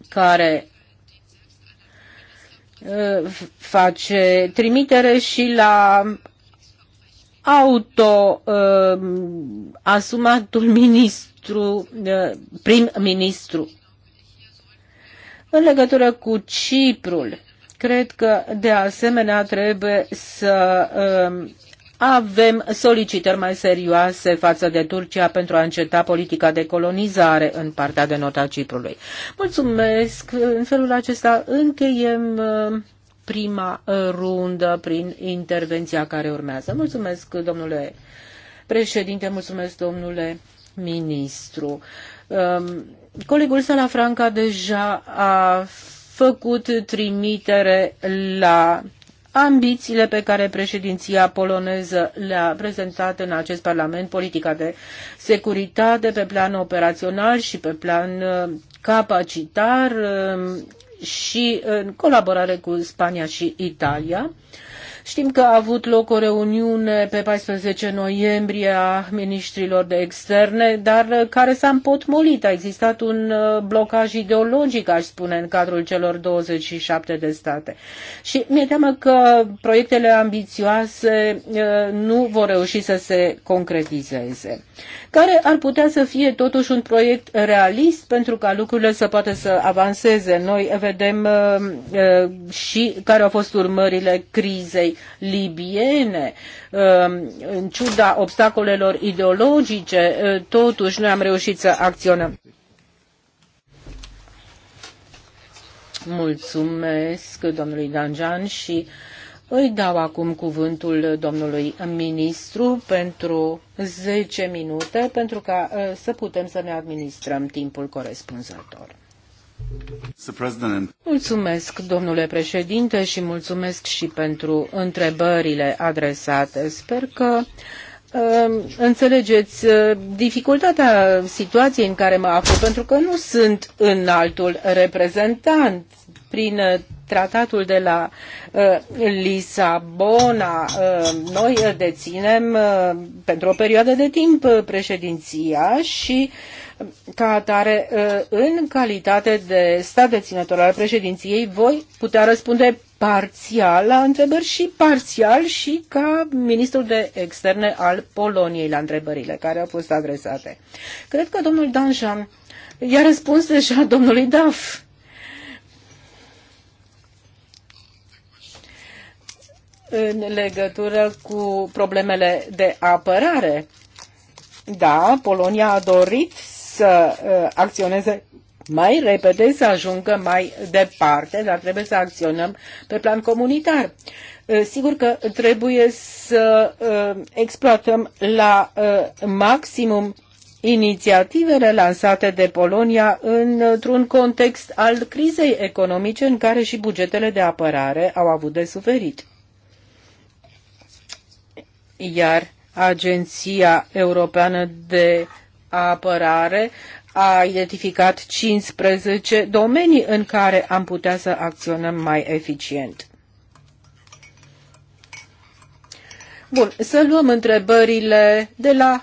care uh, face trimitere și la auto uh, asumatul [LAUGHS] ministru ministru, prim-ministru. În legătură cu Ciprul, cred că de asemenea trebuie să um, avem solicitări mai serioase față de Turcia pentru a înceta politica de colonizare în partea de nota Ciprului. Mulțumesc! În felul acesta încheiem um, prima uh, rundă prin intervenția care urmează. Mulțumesc, domnule președinte, mulțumesc, domnule ministru. Um, colegul Sala Franca deja a făcut trimitere la ambițiile pe care președinția poloneză le-a prezentat în acest Parlament, politica de securitate pe plan operațional și pe plan uh, capacitar um, și în colaborare cu Spania și Italia. Știm că a avut loc o reuniune pe 14 noiembrie a ministrilor de externe, dar care s-a împotmolit. A existat un uh, blocaj ideologic, aș spune, în cadrul celor 27 de state. Și mi-e teamă că proiectele ambițioase uh, nu vor reuși să se concretizeze. Care ar putea să fie totuși un proiect realist pentru ca lucrurile să poată să avanseze. Noi vedem uh, și care au fost urmările crizei libiene. Ehm, în ciuda obstacolelor ideologice, eh, totuși noi am reușit să acționăm. Mulțumesc domnului Danjan și îi dau acum cuvântul domnului ministru pentru 10 minute pentru ca eh, să putem să ne administrăm timpul corespunzător. Mulțumesc, domnule președinte, și mulțumesc și pentru întrebările adresate. Sper că um, înțelegeți uh, dificultatea situației în care mă aflu, pentru că nu sunt înaltul reprezentant prin uh, tratatul de la uh, Lisabona. Noi deținem pentru o perioadă de timp președinția și uh, ca atare, ă, în calitate de stat deținător al președinției, voi putea răspunde parțial la întrebări și parțial și ca ministrul de externe al Poloniei la întrebările care au fost adresate. Cred că domnul Danjan i-a răspuns deja domnului Daf. în legătură cu problemele de apărare. Da, Polonia a dorit să uh, acționeze mai repede, să ajungă mai departe, dar trebuie să acționăm pe plan comunitar. Uh, sigur că trebuie să uh, exploatăm la maximum inițiativele lansate de Polonia într-un context al crizei economice în care și bugetele de apărare au avut de suferit. Iar Agenția Europeană de apărare a identificat 15 domenii în care am putea să acționăm mai eficient. Bun, să luăm întrebările de la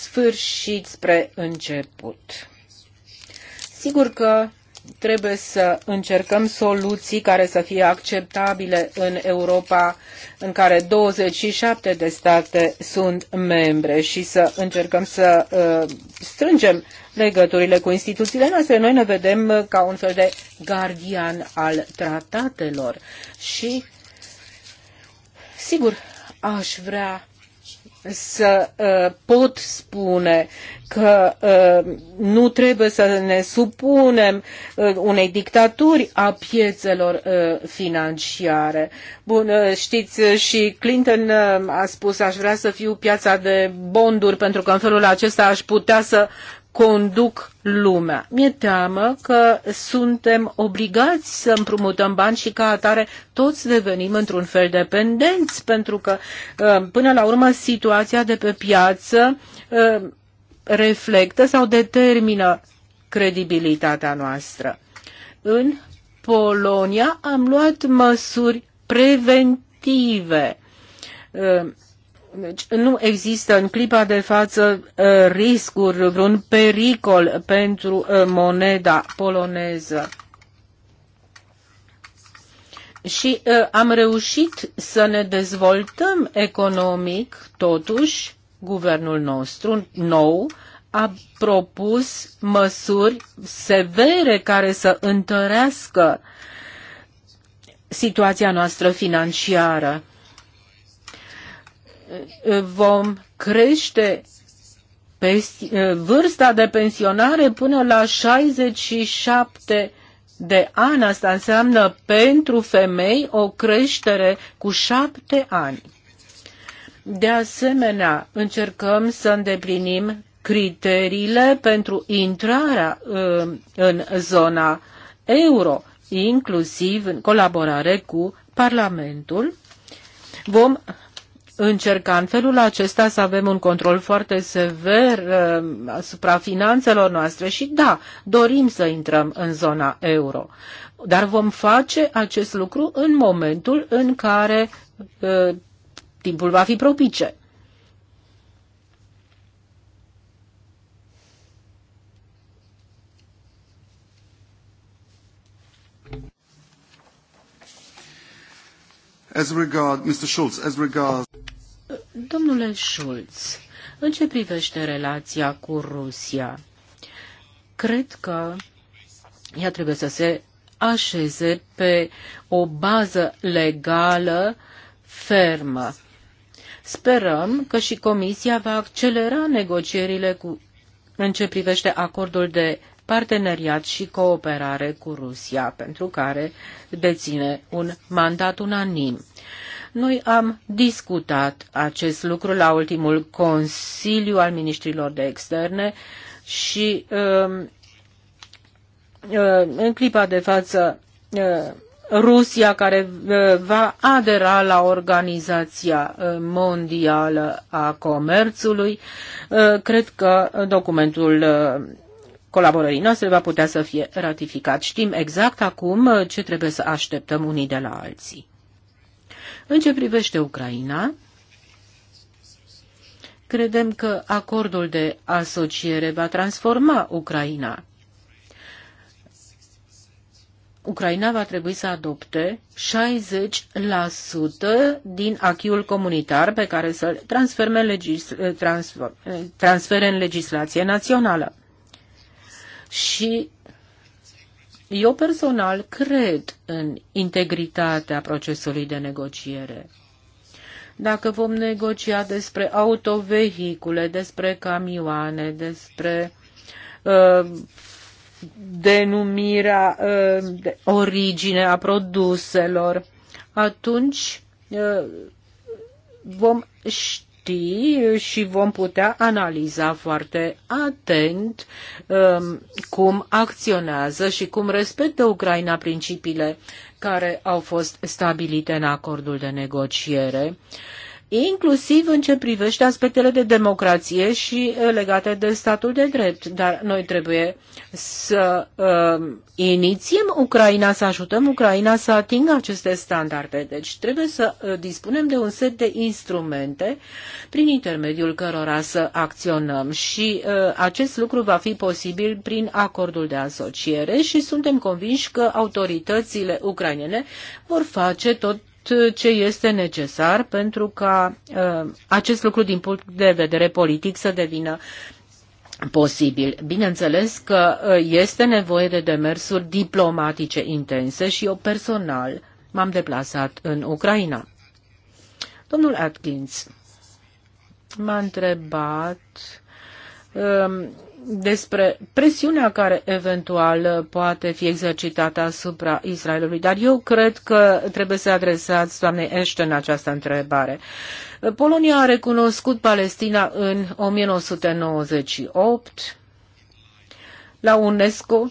sfârșit spre început. Sigur că trebuie să încercăm soluții care să fie acceptabile în Europa, în care 27 de state sunt membre și să încercăm să uh, strângem legăturile cu instituțiile noastre. Noi ne vedem ca un fel de gardian al tratatelor și, sigur, aș vrea să uh, pot spune că uh, nu trebuie să ne supunem uh, unei dictaturi a piețelor financiare. Bun, știți, și Clinton a spus, aș vrea să fiu piața de bonduri, pentru că în felul acesta aș putea să conduc lumea. Mi-e teamă că suntem obligați să împrumutăm bani și ca atare toți devenim într-un fel dependenți, pentru că uh, până la urmă situația de pe piață uh, reflectă sau determină credibilitatea noastră. În Polonia am luat măsuri preventive uh, deci nu există în clipa de față uh, riscuri, vreun pericol pentru uh, moneda poloneză. Și uh, am reușit să ne dezvoltăm economic, totuși, guvernul nostru nou a propus măsuri severe care să întărească situația noastră financiară vom crește vârsta de pensionare până la 67 de ani. Asta înseamnă pentru femei o creștere cu 7 ani. De asemenea, încercăm să îndeplinim criteriile pentru intrarea în zona euro, inclusiv în colaborare cu Parlamentul. Vom încerca în felul acesta să avem un control foarte sever uh, asupra finanțelor noastre și da, dorim să intrăm în zona euro. Dar vom face acest lucru în momentul în care uh, timpul va fi propice. As regard, Mr. Schulz, as regard... Domnule Schulz, în ce privește relația cu Rusia? Cred că ea trebuie să se așeze pe o bază legală fermă. Sperăm că și Comisia va accelera negocierile cu, în ce privește acordul de parteneriat și cooperare cu Rusia, pentru care deține un mandat unanim. Noi am discutat acest lucru la ultimul Consiliu al Ministrilor de Externe și um, um, în clipa de față uh, Rusia care uh, va adera la Organizația uh, Mondială a Comerțului. Cred că documentul colaborării noastre va putea să fie ratificat. Știm exact acum ce trebuie să așteptăm unii de la alții. În ce privește Ucraina, credem că acordul de asociere va transforma Ucraina. Ucraina va trebui să adopte 60% din achiul comunitar pe care să-l transfere, transfer, transfere în legislație națională. Și eu personal cred în integritatea procesului de negociere. Dacă vom negocia despre autovehicule, despre camioane, despre uh, denumirea uh, de origine a produselor, atunci uh, vom ști ști și vom putea analiza foarte atent um, cum acționează și cum respectă Ucraina principiile care au fost stabilite în acordul de negociere inclusiv în ce privește aspectele de democrație și uh, legate de statul de drept. Dar noi trebuie să uh, inițiem Ucraina, să ajutăm Ucraina să atingă aceste standarde. Deci trebuie să uh, dispunem de un set de instrumente prin intermediul cărora să acționăm și uh, acest lucru va fi posibil prin acordul de asociere și suntem convinși că autoritățile ucrainene vor face tot Uh, ce este necesar pentru ca uh, acest lucru din punct de vedere politic să devină posibil. Bineînțeles că uh, este nevoie de demersuri diplomatice intense și eu personal m-am deplasat în Ucraina. Domnul Atkins m-a întrebat um, despre presiunea care eventual poate fi exercitată asupra Israelului. Dar eu cred că trebuie să adresați doamnei Ashton această întrebare. Polonia a recunoscut Palestina în 1998 la UNESCO.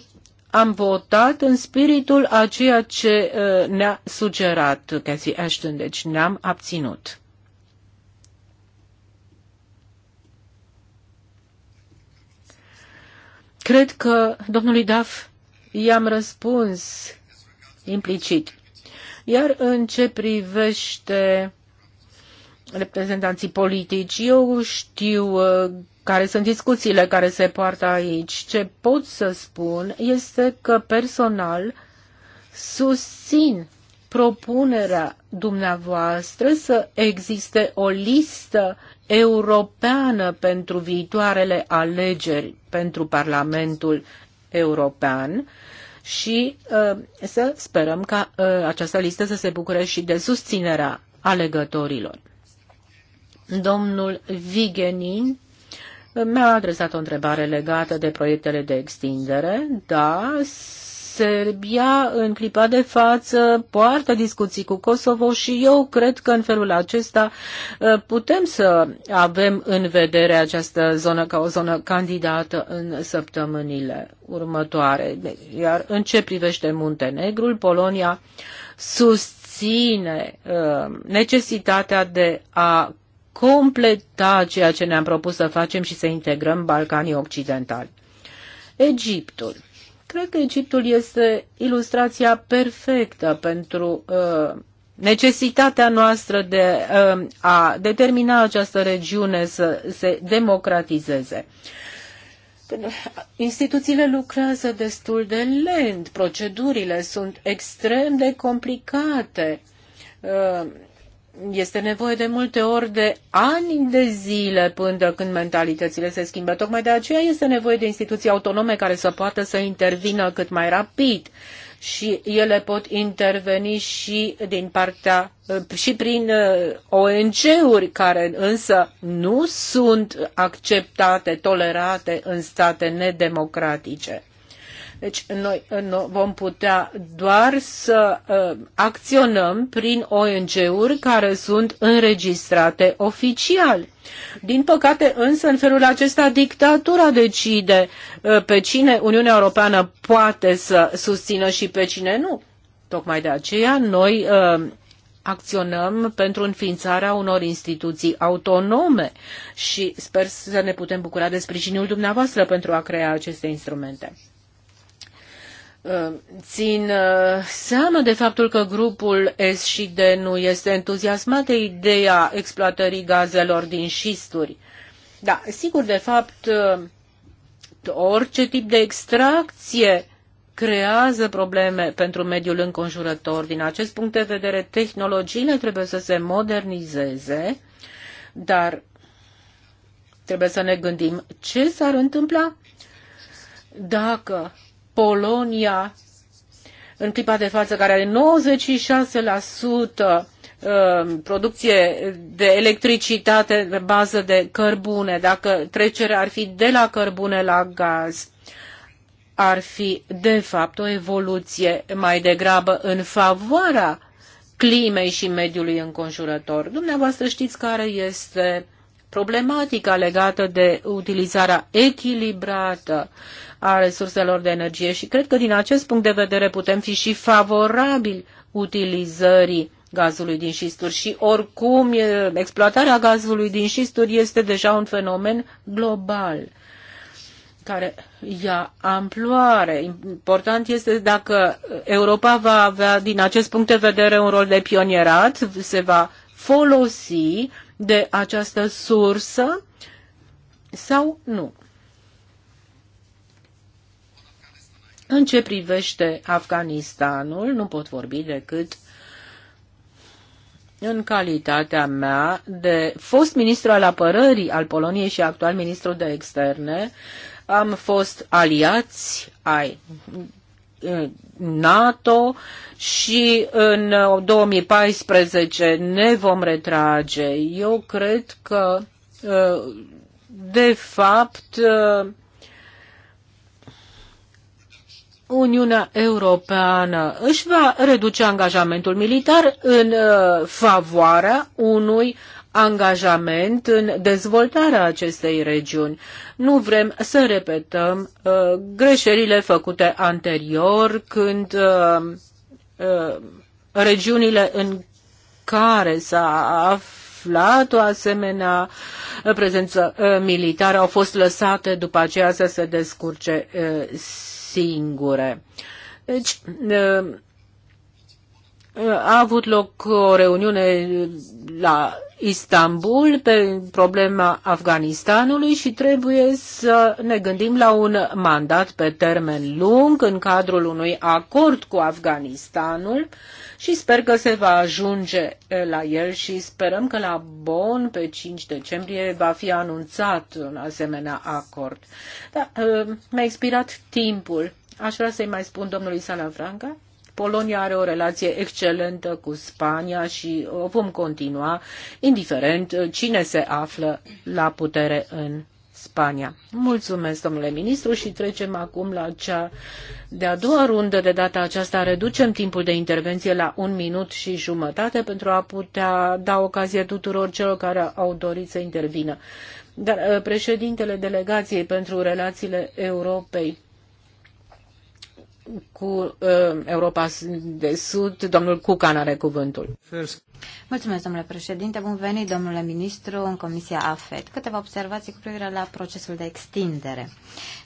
Am votat în spiritul a ceea ce uh, ne-a sugerat Cathy Ashton, deci ne-am abținut. Cred că domnului Daf i-am răspuns implicit. Iar în ce privește reprezentanții politici, eu știu uh, care sunt discuțiile care se poartă aici. Ce pot să spun este că personal susțin propunerea dumneavoastră să existe o listă uh, europeană pentru viitoarele alegeri pentru Parlamentul European și uh, să sperăm ca uh, această listă să se bucure și de susținerea alegătorilor. Domnul Vigenin uh, mi-a adresat o întrebare legată de proiectele de extindere. Da, Serbia în clipa de față poartă discuții cu Kosovo și eu cred că în felul acesta uh, putem să avem în vedere această zonă ca o zonă candidată în săptămânile următoare. Iar în ce privește Muntenegrul, Polonia susține uh, necesitatea de a completa ceea ce ne-am propus să facem și să integrăm Balcanii Occidentali. Egiptul. Cred că Egiptul este ilustrația perfectă pentru uh, necesitatea noastră de uh, a determina această regiune să se democratizeze. Instituțiile lucrează destul de lent, procedurile sunt extrem de complicate. Uh, este nevoie de multe ori de ani de zile până când mentalitățile se schimbă. Tocmai de aceea este nevoie de instituții autonome care să poată să intervină cât mai rapid și ele pot interveni și din partea și prin uh, ONG-uri care însă nu sunt acceptate, tolerate în state nedemocratice. Deci noi uh, vom putea doar să uh, acționăm prin ONG-uri care sunt înregistrate oficial. Din păcate însă în felul acesta dictatura decide uh, pe cine Uniunea Europeană poate să susțină și pe cine nu. Tocmai de aceea noi acționăm pentru înființarea unor instituții autonome și sper să ne putem bucura de sprijinul dumneavoastră pentru a crea aceste instrumente țin uh, seama de faptul că grupul S și D nu este entuziasmat de ideea exploatării gazelor din șisturi. Da, sigur, de fapt, uh, orice tip de extracție creează probleme pentru mediul înconjurător. Din acest punct de vedere, tehnologiile trebuie să se modernizeze, dar trebuie să ne gândim ce s-ar întâmpla dacă Polonia, în clipa de față, care are 96% uh, producție de electricitate pe bază de cărbune, dacă trecerea ar fi de la cărbune la gaz, ar fi, de fapt, o evoluție mai degrabă în favoarea climei și mediului înconjurător. Dumneavoastră știți care este uh, problematica legată de utilizarea echilibrată a resurselor de energie și cred că din acest punct de vedere putem fi și favorabili utilizării gazului din șisturi și oricum exploatarea gazului din șisturi este deja un fenomen global care ia amploare. Important este dacă Europa va avea din acest punct de vedere un rol de pionierat, se va folosi de această sursă sau nu. În ce privește Afganistanul, nu pot vorbi decât în calitatea mea de fost ministru al apărării al Poloniei și actual ministru de externe, am fost aliați ai NATO și în 2014 ne vom retrage. Eu cred că, de fapt, Uniunea Europeană își va reduce angajamentul militar în uh, favoarea unui angajament în dezvoltarea acestei regiuni. Nu vrem să repetăm uh, greșelile făcute anterior când uh, uh, regiunile în care s-a aflat o asemenea uh, prezență uh, militară au fost lăsate după aceea să se descurce uh, singure. Deci, uh, a avut loc o reuniune la Istanbul pe problema Afganistanului și trebuie să ne gândim la un mandat pe termen lung în cadrul unui acord cu Afganistanul și sper că se va ajunge la el și sperăm că la Bonn pe 5 decembrie va fi anunțat un asemenea acord. Da, uh, mi-a expirat timpul. Aș vrea să-i mai spun domnului Salafranca Polonia are o relație excelentă cu Spania și o vom continua, indiferent cine se află la putere în Spania. Mulțumesc, domnule ministru, și trecem acum la cea de-a doua rundă. De data aceasta reducem timpul de intervenție la un minut și jumătate pentru a putea da ocazie tuturor celor care au dorit să intervină. Dar eh, președintele delegației pentru relațiile Europei cu uh, Europa de Sud. Domnul Cucan are cuvântul. Mulțumesc, domnule președinte. Bun venit, domnule ministru, în Comisia AFET. Câteva observații cu privire la procesul de extindere.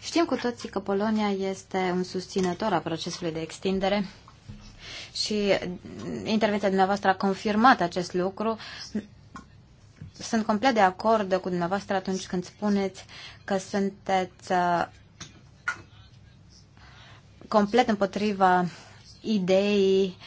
Știm cu toții că Polonia este un susținător a procesului de extindere și intervenția dumneavoastră a confirmat acest lucru. Sunt complet de acord cu dumneavoastră atunci când spuneți că sunteți uh, complet împotriva ideii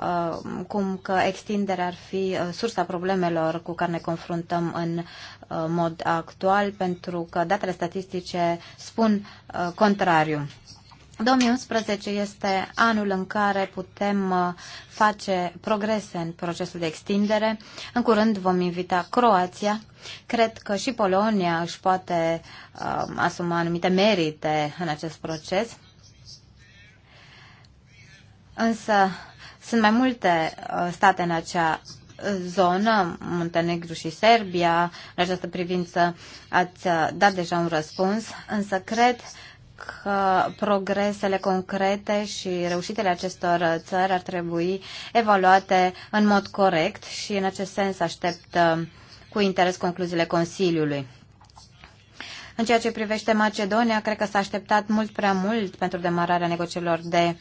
uh, cum că extinderea ar fi uh, sursa problemelor cu care ne confruntăm în uh, mod actual, pentru că datele statistice spun contrariu. 2011 este anul în care putem face progrese în procesul de extindere. În curând vom invita Croația. Cred că și Polonia își poate uh, asuma anumite merite în acest proces. Însă sunt mai multe uh, state în acea zonă, Muntenegru și Serbia. În această privință ați uh, dat deja un răspuns, însă cred că progresele concrete și reușitele acestor uh, țări ar trebui evaluate în mod corect și în acest sens aștept cu interes concluziile Consiliului. În ceea ce privește Macedonia, cred că s-a așteptat mult prea mult pentru demararea negocierilor de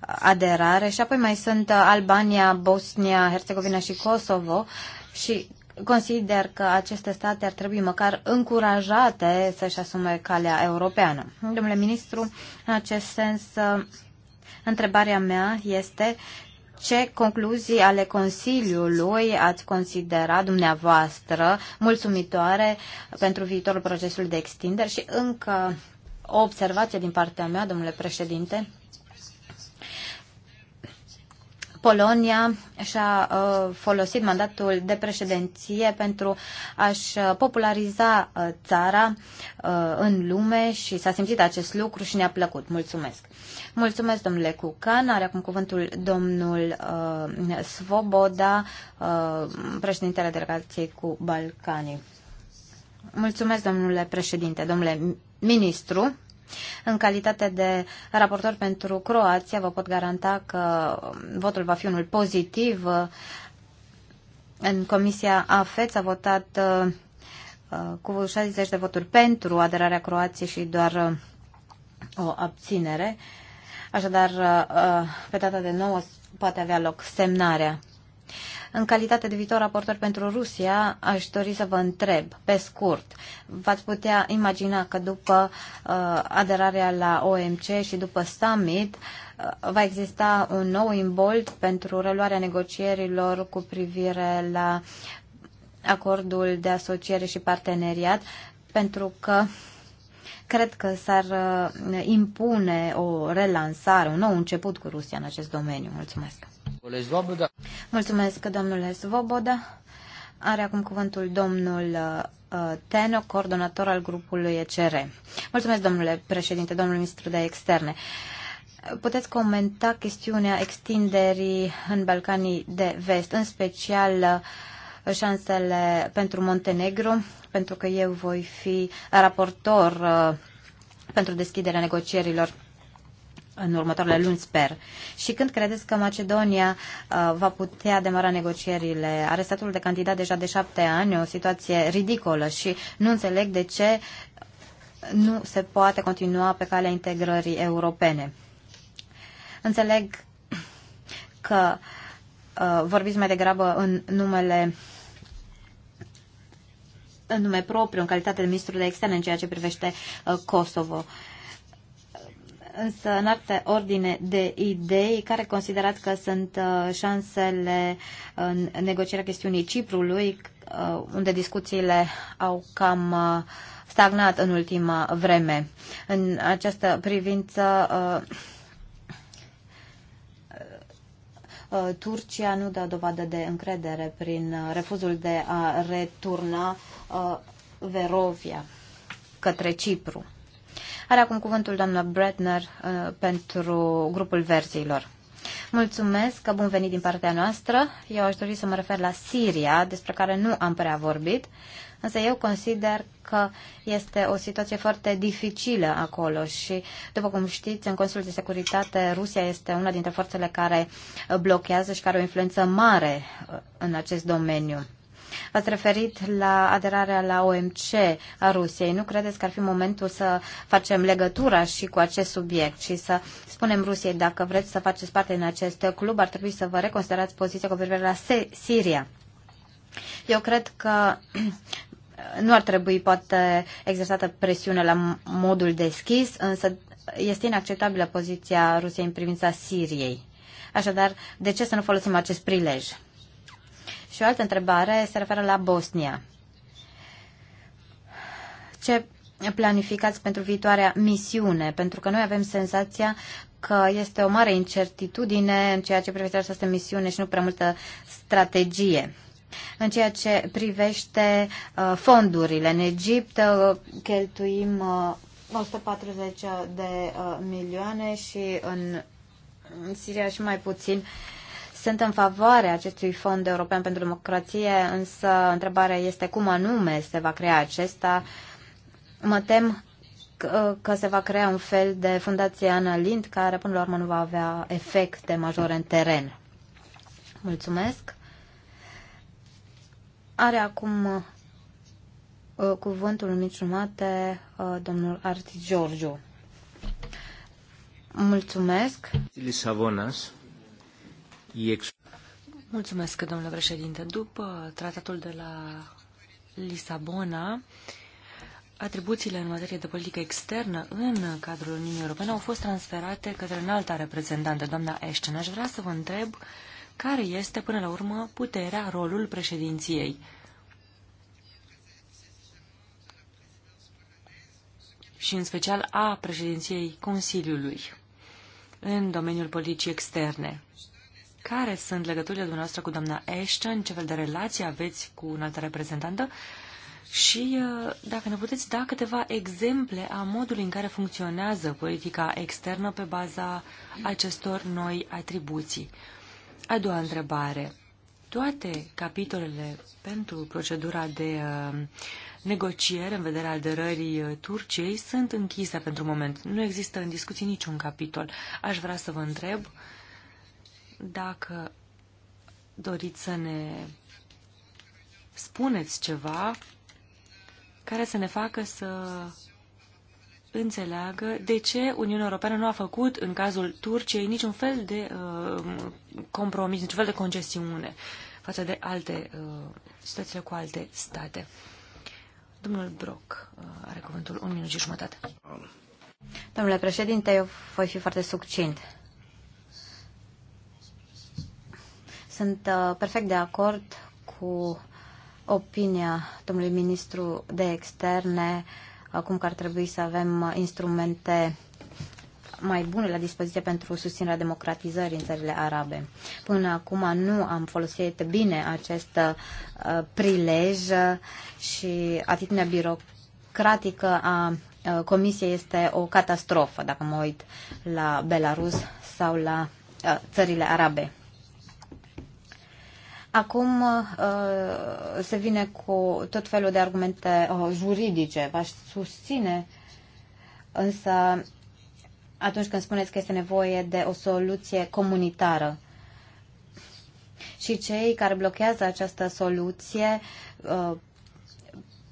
aderare și apoi mai sunt Albania, Bosnia, Herțegovina și Kosovo și consider că aceste state ar trebui măcar încurajate să-și asume calea europeană. Domnule ministru, în acest sens, întrebarea mea este ce concluzii ale Consiliului ați considera dumneavoastră mulțumitoare pentru viitorul procesului de extindere și încă o observație din partea mea, domnule președinte, Polonia și-a uh, folosit mandatul de președinție pentru a-și uh, populariza uh, țara în lume și s-a simțit acest lucru și ne-a plăcut. Mulțumesc! Mulțumesc, domnule Cucan. Are acum cuvântul domnul uh, Svoboda, uh, președintele delegației cu Balcanii. Mulțumesc, domnule președinte, domnule ministru. În calitate de raportor pentru Croația, vă pot garanta că votul va fi unul pozitiv. În Comisia AFET a votat uh, cu 60 de voturi pentru aderarea Croației și doar uh, o abținere. Așadar, uh, pe data de 9 poate avea loc semnarea. În calitate de viitor raportor pentru Rusia, aș dori să vă întreb, pe scurt, v-ați putea imagina că după uh, aderarea la OMC și după summit uh, va exista un nou imbold pentru reluarea negocierilor cu privire la acordul de asociere și parteneriat, pentru că cred că s-ar uh, impune o relansare, un nou început cu Rusia în acest domeniu. Mulțumesc! Mulțumesc, domnule Svoboda. Are acum cuvântul domnul uh, Teno, coordonator al grupului ECR. Mulțumesc, domnule președinte, domnul ministru de externe. Puteți comenta chestiunea extinderii în Balcanii de vest, în special uh, șansele pentru Montenegro, pentru că eu voi fi raportor uh, pentru deschiderea negocierilor în următoarele luni, sper. Și când credeți că Macedonia uh, va putea demara negocierile? Are statul de candidat deja de șapte ani, o situație ridicolă și nu înțeleg de ce nu se poate continua pe calea integrării europene. Înțeleg că uh, vorbiți mai degrabă în numele în nume propriu, în calitate de ministru de externe în ceea ce privește uh, Kosovo. Uh, însă în alte ordine de idei, care considerați că sunt uh, șansele în negocierea chestiunii Ciprului, uh, unde discuțiile au cam uh, stagnat în ultima vreme. În această privință, Turcia nu dă dovadă de încredere prin refuzul de a returna Verovia către Cipru. Are acum cuvântul doamna Bretner uh, pentru grupul versiilor. Mulțumesc că bun venit din partea noastră. Eu aș dori să mă refer la Siria, despre care nu am prea vorbit, însă eu consider că este o situație foarte dificilă acolo și, după cum știți, în Consiliul de Securitate, Rusia este una dintre forțele care blochează și care are o influență mare uh, în acest domeniu. V-ați referit la aderarea la OMC a Rusiei. Nu credeți că ar fi momentul să facem legătura și cu acest subiect și să spunem Rusiei dacă vreți să faceți parte în acest club, ar trebui să vă reconsiderați poziția cu privire la Siria. Eu cred că [CLEARS THROAT] nu ar trebui poate exersată presiune la modul deschis, însă este inacceptabilă poziția Rusiei în privința Siriei. Așadar, de ce să nu folosim acest prilej? Și o altă întrebare se referă la Bosnia. Ce planificați pentru viitoarea misiune? Pentru că noi avem senzația că este o mare incertitudine în ceea ce privește această misiune și nu prea multă strategie. În ceea ce privește uh, fondurile, în Egipt uh, cheltuim uh, 140 de uh, milioane și în, în Siria și mai puțin uh, sunt în favoarea acestui fond european pentru democrație, însă întrebarea este cum anume se va crea acesta. Mă tem că, că se va crea un fel de fundație Ana Lind care până la urmă nu va avea efecte majore în teren. Mulțumesc. Are acum uh, cuvântul în jumate uh, domnul Arti Giorgio. Mulțumesc. Mulțumesc, domnule președinte. După tratatul de la Lisabona, atribuțiile în materie de politică externă în cadrul Uniunii Europene au fost transferate către înalta reprezentantă, doamna Ashton. Aș vrea să vă întreb care este, până la urmă, puterea, rolul președinției. și în special a președinției Consiliului în domeniul politicii externe. Care sunt legăturile dumneavoastră cu doamna Ashton? Ce fel de relație aveți cu un altă reprezentantă? Și uh, dacă ne puteți da câteva exemple a modului în care funcționează politica externă pe baza acestor noi atribuții. A doua întrebare. Toate capitolele pentru procedura de uh, negociere în vederea aderării uh, Turciei sunt închise pentru moment. Nu există în discuție niciun capitol. Aș vrea să vă întreb uh, dacă doriți să ne spuneți ceva care să ne facă să înțeleagă de ce Uniunea Europeană nu a făcut în cazul Turciei niciun fel de uh, compromis, niciun fel de concesiune față de alte uh, situațiile cu alte state. Domnul Brock uh, are cuvântul un minut și jumătate. Domnule președinte, eu voi fi foarte succint. Sunt uh, perfect de acord cu opinia domnului ministru de externe acum că ar trebui să avem instrumente mai bune la dispoziție pentru susținerea democratizării în țările arabe. Până acum nu am folosit bine acest uh, prilej și atitudinea birocratică a Comisia uh, Comisiei este o catastrofă, dacă mă uit la Belarus sau la uh, țările arabe. Acum uh, se vine cu tot felul de argumente uh, juridice. V-aș susține, însă atunci când spuneți că este nevoie de o soluție comunitară. Și cei care blochează această soluție uh,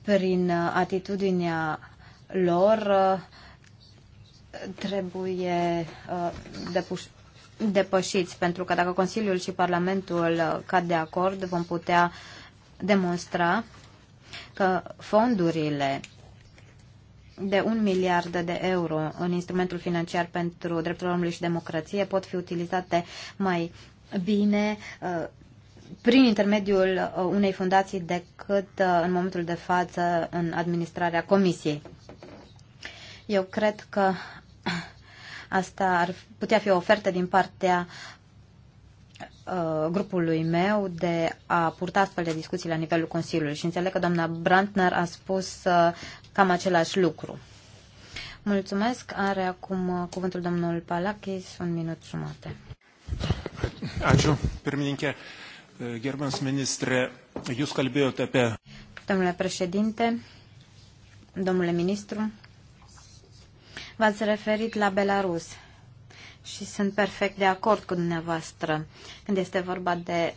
prin atitudinea lor trebuie depuși depășiți, pentru că dacă Consiliul și Parlamentul cad de acord, vom putea demonstra că fondurile de un miliard de euro în instrumentul financiar pentru drepturile omului și democrație pot fi utilizate mai bine uh, prin intermediul uh, unei fundații decât uh, în momentul de față în administrarea comisiei. Eu cred că Asta ar putea fi o ofertă din partea uh, grupului meu de a purta astfel de discuții la nivelul Consiliului și înțeleg că doamna Brandner a spus uh, cam același lucru. Mulțumesc. Are acum uh, cuvântul domnul Palachis, un minut jumate. Ačiū, pirmininkė. Gerbiamas ministre, jūs kalbėjote apie... Domnule președinte, domnule ministru, V-ați referit la Belarus și sunt perfect de acord cu dumneavoastră când este vorba de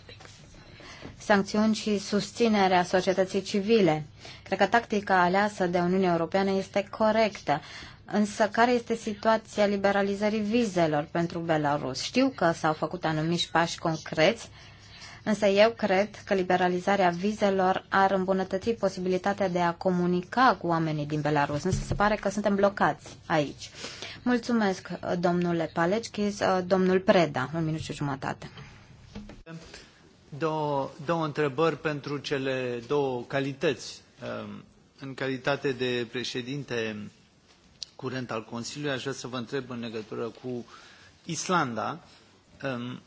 sancțiuni și susținerea societății civile. Cred că tactica aleasă de Uniunea Europeană este corectă. Însă, care este situația liberalizării vizelor pentru Belarus? Știu că s-au făcut anumiti pași concreți, Însă eu cred că liberalizarea vizelor ar îmbunătăți posibilitatea de a comunica cu oamenii din Belarus, însă se pare că suntem blocați aici. Mulțumesc, domnule Palecchis, domnul Preda, un minut și jumătate. Două, două întrebări pentru cele două calități. Ehm, în calitate de președinte curent al Consiliului, aș vrea să vă întreb în legătură cu Islanda. Ehm,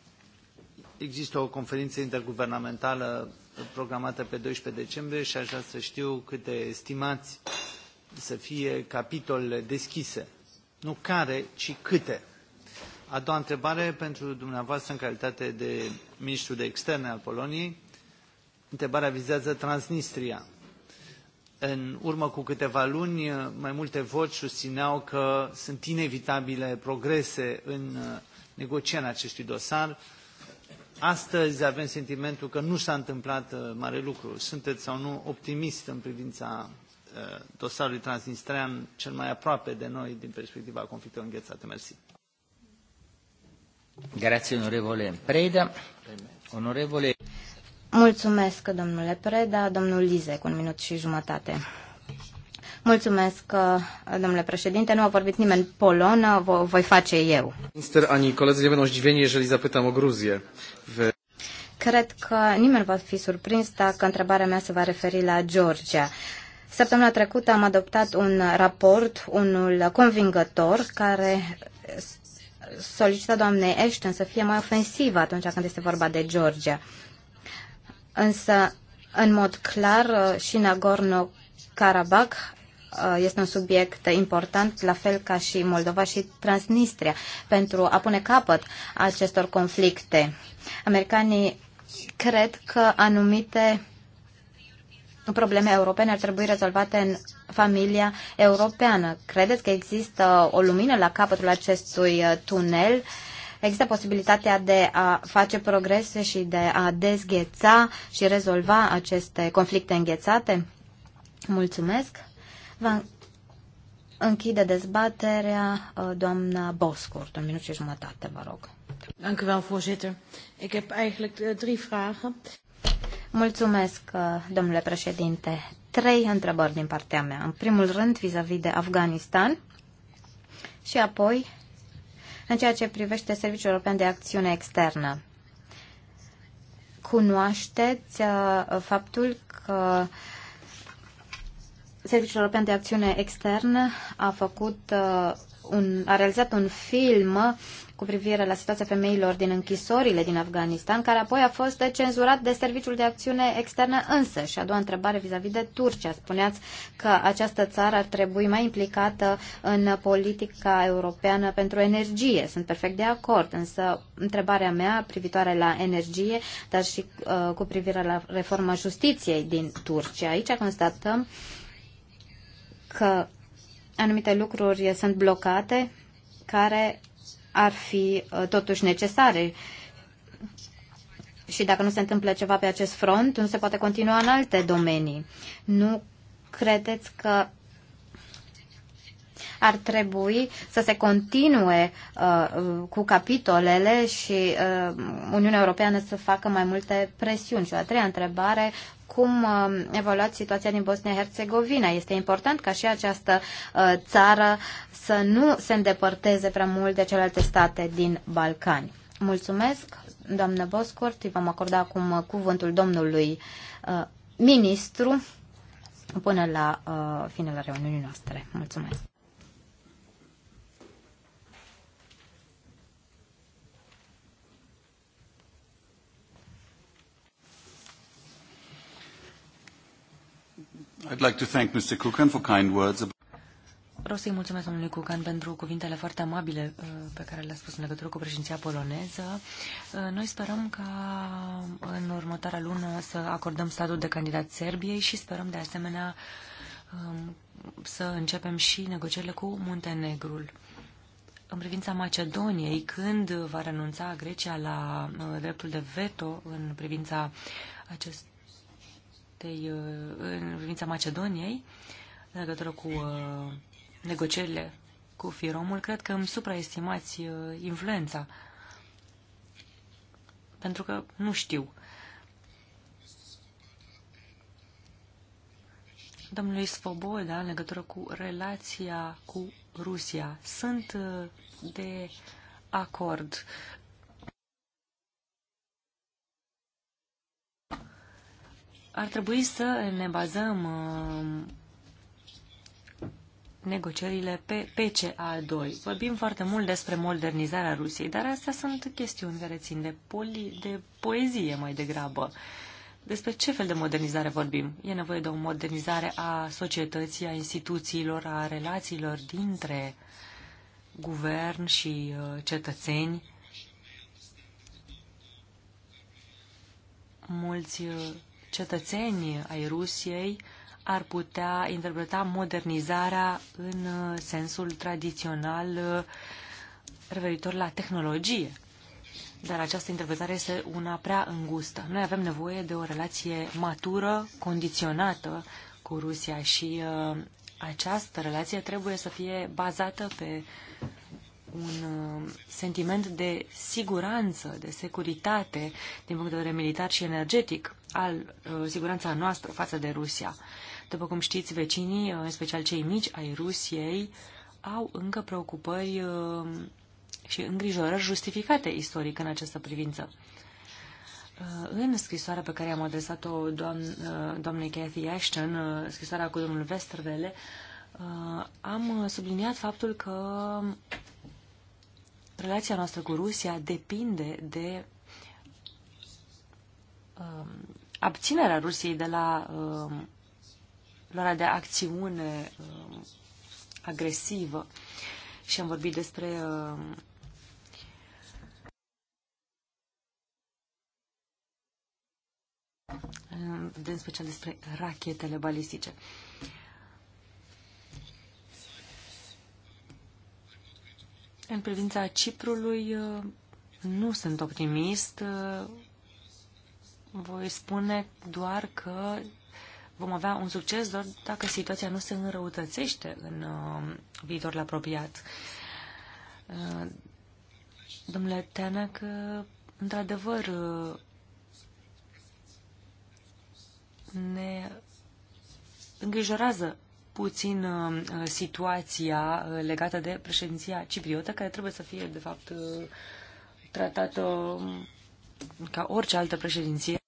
există o conferință interguvernamentală programată pe 12 decembrie și aș vrea să știu câte estimați să fie capitolele deschise. Nu care, ci câte. A doua întrebare pentru dumneavoastră în calitate de ministru de externe al Poloniei. Întrebarea vizează Transnistria. În urmă cu câteva luni, mai multe voci susțineau că sunt inevitabile progrese în uh, negocierea acestui dosar. Astăzi avem sentimentul că nu s-a întâmplat uh, mare lucru. Sunteți sau nu optimist în privința uh, dosarului transnistrean cel mai aproape de noi din perspectiva conflictului înghețate? Mersi. Grazie, onorevole Preda. Onorevole... Mulțumesc, domnule Preda. Domnul Lizec, un minut și jumătate. Mulțumesc, uh, domnule președinte. Nu a vorbit nimeni polonă, o voi face eu. Minister, ani koledzy nie będą dacă jeżeli zapytam o Gruzie. Cred că nimeni va fi surprins dacă întrebarea mea se va referi la Georgia. Săptămâna trecută am adoptat un raport, unul convingător, care solicită doamnei Ashton să fie mai ofensivă atunci când este vorba de Georgia. Însă, în mod clar, uh, și Nagorno-Karabakh Uh, este un subiect important, la fel ca și Moldova și Transnistria, pentru a pune capăt acestor conflicte. Americanii cred că anumite probleme europene ar trebui rezolvate în familia europeană. Credeți că există o lumină la capătul acestui uh, tunel? Există posibilitatea de a face progrese și de a dezgheța și rezolva aceste conflicte înghețate? Mulțumesc! Va închide dezbaterea uh, doamna Bosco, Un minut și jumătate, vă rog. Dank u wel, voorzitter. Ik heb eigenlijk eh, drie vragen. Mulțumesc, uh, domnule președinte. Trei întrebări din partea mea. În primul rând, vis-a-vis -vis de Afganistan și apoi în ceea ce privește Serviciul European de Acțiune Externă. Cunoașteți uh, faptul că uh, Serviciul European de Acțiune Externă a făcut uh, un, a realizat un film cu privire la situația femeilor din închisorile din Afganistan, care apoi a fost cenzurat de Serviciul de Acțiune Externă însă. Și a doua întrebare vis-a-vis -vis de Turcia. Spuneați că această țară ar trebui mai implicată în politica europeană pentru energie. Sunt perfect de acord, însă întrebarea mea privitoare la energie, dar și uh, cu privire la reforma justiției din Turcia. Aici constatăm uh, că anumite lucruri sunt blocate care ar fi uh, totuși necesare. Și dacă nu se întâmplă ceva pe acest front, nu se poate continua în alte domenii. Nu credeți că ar trebui să se continue uh, cu capitolele și uh, Uniunea Europeană să facă mai multe presiuni. Și o a treia întrebare, cum uh, evoluați situația din Bosnia-Herzegovina? Este important ca și această uh, țară să nu se îndepărteze prea mult de celelalte state din Balcani. Mulțumesc, doamnă Boscort. Îi vom acorda acum uh, cuvântul domnului uh, ministru până la uh, finele reuniunii noastre. Mulțumesc! I'd like to thank Mr. for kind words. Vreau să-i mulțumesc domnului Cucan pentru cuvintele foarte amabile uh, pe care le-a spus în legătură cu președinția poloneză. Uh, noi sperăm ca în următoarea lună să acordăm statul de candidat Serbiei și sperăm de asemenea um, să începem și negocierile cu Muntenegrul. În privința Macedoniei, când va renunța Grecia la uh, dreptul de veto în privința acest, tei uh, în privința Macedoniei, în legătură cu uh, negocierile cu Firomul, cred că îmi supraestimați uh, influența. Pentru că nu știu. Domnului Svoboda, în legătură cu relația cu Rusia, sunt de acord. Ar trebui să ne bazăm uh, negocierile pe PCA2. Vorbim foarte mult despre modernizarea Rusiei, dar astea sunt chestiuni care țin de, poli, de poezie mai degrabă. Despre ce fel de modernizare vorbim? E nevoie de o modernizare a societății, a instituțiilor, a relațiilor dintre guvern și uh, cetățeni. Mulți uh, cetățeni ai Rusiei ar putea interpreta modernizarea în uh, sensul tradițional uh, referitor la tehnologie. Dar această interpretare este una prea îngustă. Noi avem nevoie de o relație matură, condiționată cu Rusia și uh, această relație trebuie să fie bazată pe un uh, sentiment de siguranță, de securitate din punct de vedere militar și energetic al uh, siguranța noastră față de Rusia. După cum știți, vecinii, uh, în special cei mici ai Rusiei, au încă preocupări și îngrijorări justificate istoric în această privință. În scrisoarea pe care am adresat-o doamn, doamnei Cathy Ashton, scrisoarea cu domnul Westervele, am subliniat faptul că relația noastră cu Rusia depinde de um, abținerea Rusiei de la um, luarea de acțiune um, agresivă. Și am vorbit despre um, în special despre rachetele balistice. Uh, În privința Ciprului, uh, nu sunt optimist. Uh, voi spune doar că vom avea un succes doar dacă situația nu se înrăutățește în uh, viitorul apropiat. Domnule că într-adevăr, ne îngrijorează puțin uh, situația uh, legată de președinția cipriotă, care trebuie să fie, de fapt, uh, tratată um, ca orice altă președinție.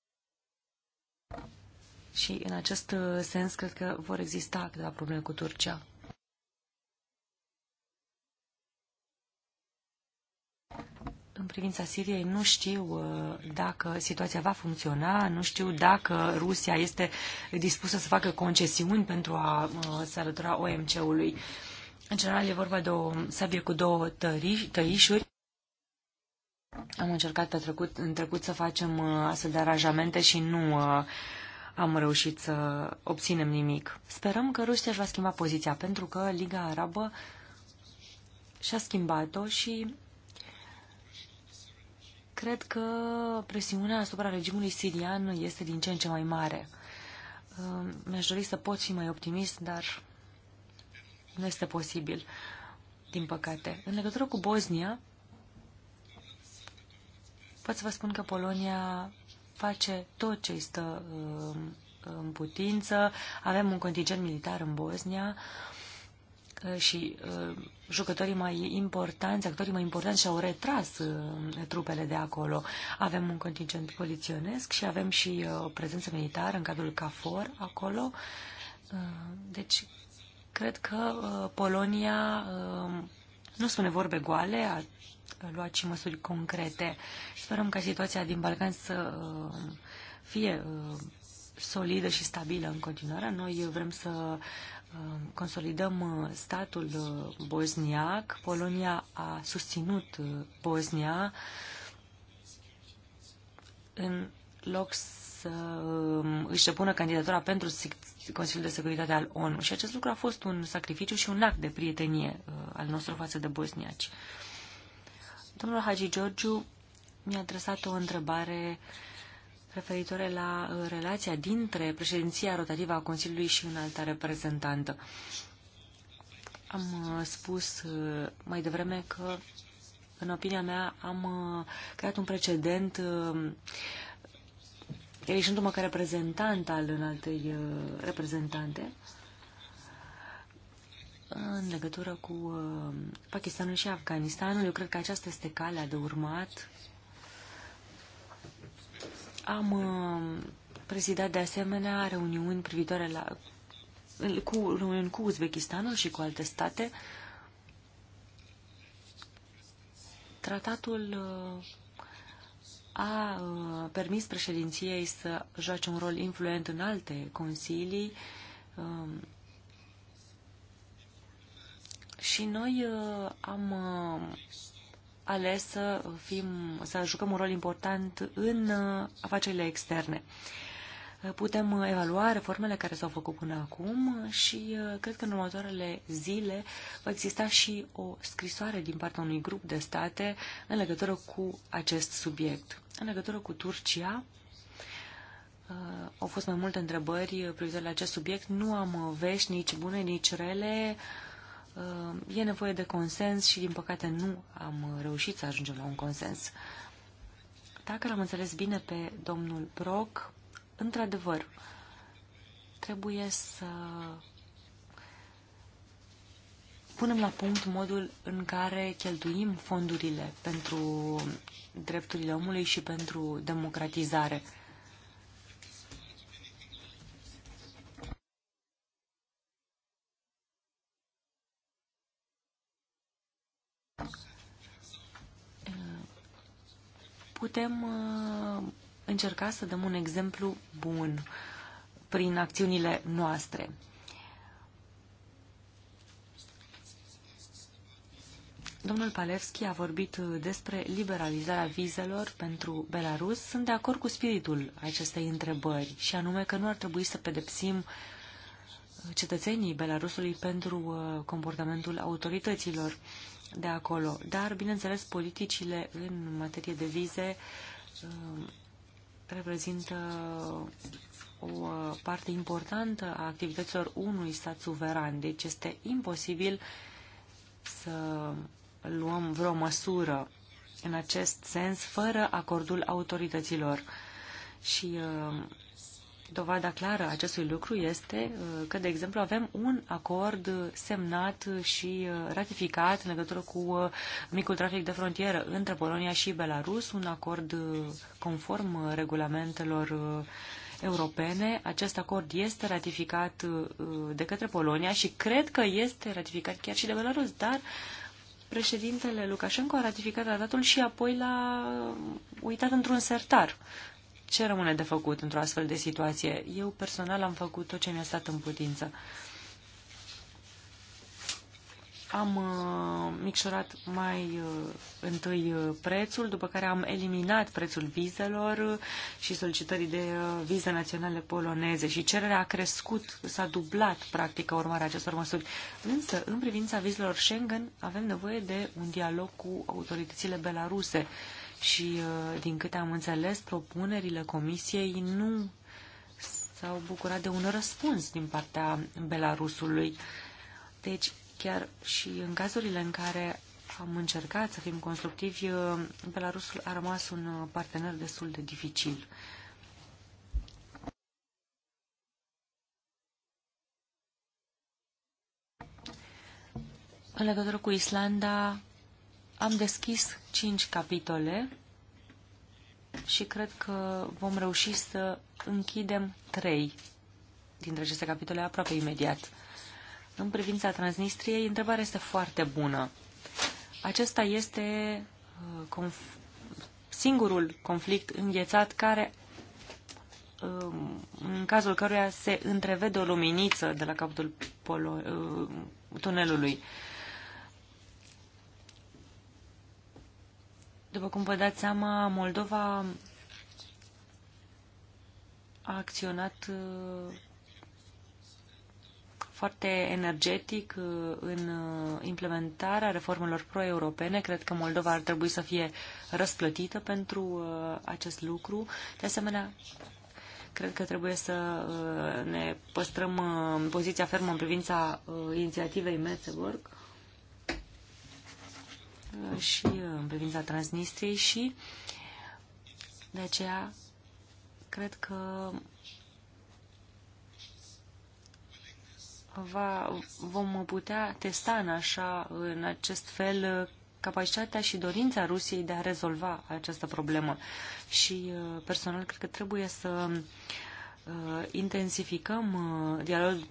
Și în acest sens, cred că vor exista câteva probleme cu Turcia. în privința Siriei nu știu uh, dacă situația va funcționa, nu știu dacă Rusia este dispusă să facă concesiuni pentru a uh, se alătura OMC-ului. În general e vorba de o sabie cu două tări, tăișuri. Am încercat pe trecut, în trecut să facem uh, astfel de aranjamente și nu am reușit să obținem nimic. Sperăm că Rusia își va schimba poziția, pentru că Liga Arabă și-a schimbat-o și cred că presiunea asupra regimului sirian este din ce în ce mai mare. Ehm, mi-aș dori să pot fi mai optimist, dar nu este posibil, din păcate. În legătură cu Bosnia, pot să vă spun că Polonia face tot ce este ehm, în putință. Avem un contingent militar în Bosnia. Uh, Uh, și uh, jucătorii mai importanți, actorii mai importanți și-au retras uh, trupele de acolo. Avem un contingent poliționesc și avem și o prezență militară în cadrul CAFOR acolo. Deci, cred că Polonia nu spune vorbe goale, a luat și măsuri concrete. Sperăm ca situația din Balcan să fie solidă și stabilă în continuare. Noi vrem să Um, consolidăm uh, statul uh, bosniac. Polonia a susținut uh, Bosnia în loc să um, își depună candidatura pentru Consiliul de Securitate al ONU. Și acest lucru a fost un sacrificiu și un act de prietenie al nostru față de bosniaci. Domnul Hagi Georgiu mi-a adresat o întrebare uh, referitoare la uh, relația dintre președinția rotativă a Consiliului și înalta reprezentantă. Am uh, spus uh, mai devreme că, în opinia mea, am creat un precedent elegându-mă ca reprezentant al înaltei reprezentante în legătură cu Pakistanul și Afganistanul. Eu cred că aceasta este calea de urmat am uh, prezidat de asemenea reuniuni privitoare la cu, reuniuni cu Uzbekistanul și cu alte state. Tratatul uh, a uh, permis președinției să joace un rol influent în alte consilii um, și noi am ales să, fim, să jucăm un rol important în uh, afacerile externe. Uh, putem uh, evalua reformele care s-au făcut până acum și cred că în următoarele zile va exista și o scrisoare din partea unui grup de state în legătură cu acest subiect. În legătură cu Turcia, au fost mai multe întrebări privitoare la acest subiect. Nu am vești nici bune, nici rele. Uh, e nevoie de consens și, din păcate, nu am reușit să ajungem la un consens. Dacă l-am înțeles bine pe domnul Brock, într-adevăr, trebuie să punem la punct modul în care cheltuim fondurile pentru drepturile omului și pentru democratizare. putem uh, încerca să dăm un exemplu bun prin acțiunile noastre. Domnul Palevski a vorbit despre liberalizarea vizelor pentru Belarus. Sunt de acord cu spiritul acestei întrebări și anume că nu ar trebui să pedepsim cetățenii Belarusului pentru uh, comportamentul autorităților de acolo. Dar, bineînțeles, politicile în materie de vize um, reprezintă o uh, parte importantă a activităților unui stat suveran. Deci este imposibil să luăm vreo măsură în acest sens fără acordul autorităților. Și uh, Dovada clară a acestui lucru este uh, că, de exemplu, avem un acord semnat și uh, ratificat în legătură cu uh, micul trafic de frontieră între Polonia și Belarus, un acord conform regulamentelor europene. Acest acord este ratificat de către Polonia și cred că este ratificat chiar și de Belarus, dar președintele Lukashenko a ratificat datul și apoi l-a uitat într-un sertar. Ce rămâne de făcut într-o astfel de situație? Eu personal am făcut tot ce mi-a stat în putință. Am uh, micșorat mai uh, întâi uh, prețul, după care am eliminat prețul vizelor uh, și solicitării de uh, vize naționale poloneze și cererea a crescut, s-a dublat practic ca urmare a acestor măsuri. Însă, în privința vizelor Schengen, avem nevoie de un dialog cu autoritățile belaruse. Uh, și, uh, din câte am înțeles, propunerile comisiei nu s-au bucurat de un răspuns din partea Belarusului. Deci, chiar și în cazurile în care am încercat să fim constructivi, uh, Belarusul a rămas un uh, partener destul de dificil. În legătură cu Islanda, am deschis cinci capitole și cred că vom reuși să închidem trei dintre aceste capitole aproape imediat. În privința Transnistriei, întrebarea este foarte bună. Acesta este uh, conf- singurul conflict înghețat care um, în cazul căruia se întrevede o luminiță de la capătul uh, tunelului. După cum vă dați seama, Moldova a acționat uh, foarte energetic uh, în uh, implementarea reformelor pro-europene. Cred că Moldova ar trebui să fie răsplătită pentru acest lucru. De asemenea, cred că trebuie să ne păstrăm poziția fermă în privința inițiativei Metzeburg și uh, în privința Transnistriei și de aceea cred că va, vom putea testa în așa, în acest fel, uh, capacitatea și dorința Rusiei de a rezolva această problemă. Și uh, personal cred că trebuie să uh, intensificăm uh, dialog,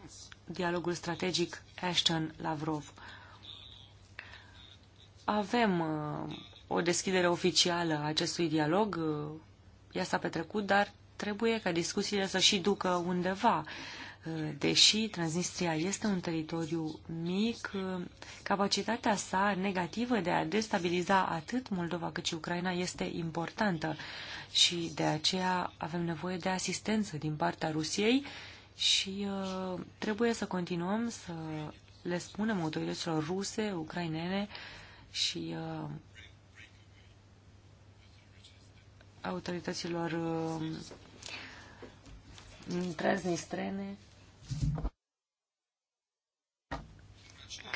dialogul strategic Ashton-Lavrov. Uh, avem uh, o deschidere oficială a acestui dialog, uh, ea s-a petrecut, dar trebuie ca discuțiile să și ducă undeva. Uh, deși Transnistria este un teritoriu mic, capacitatea sa negativă de a destabiliza atât Moldova cât și Ucraina este importantă și de aceea avem nevoie de asistență din partea Rusiei și trebuie să continuăm să le spunem autorităților ruse, ucrainene, uh, și uh, autorităților uh, transnistrene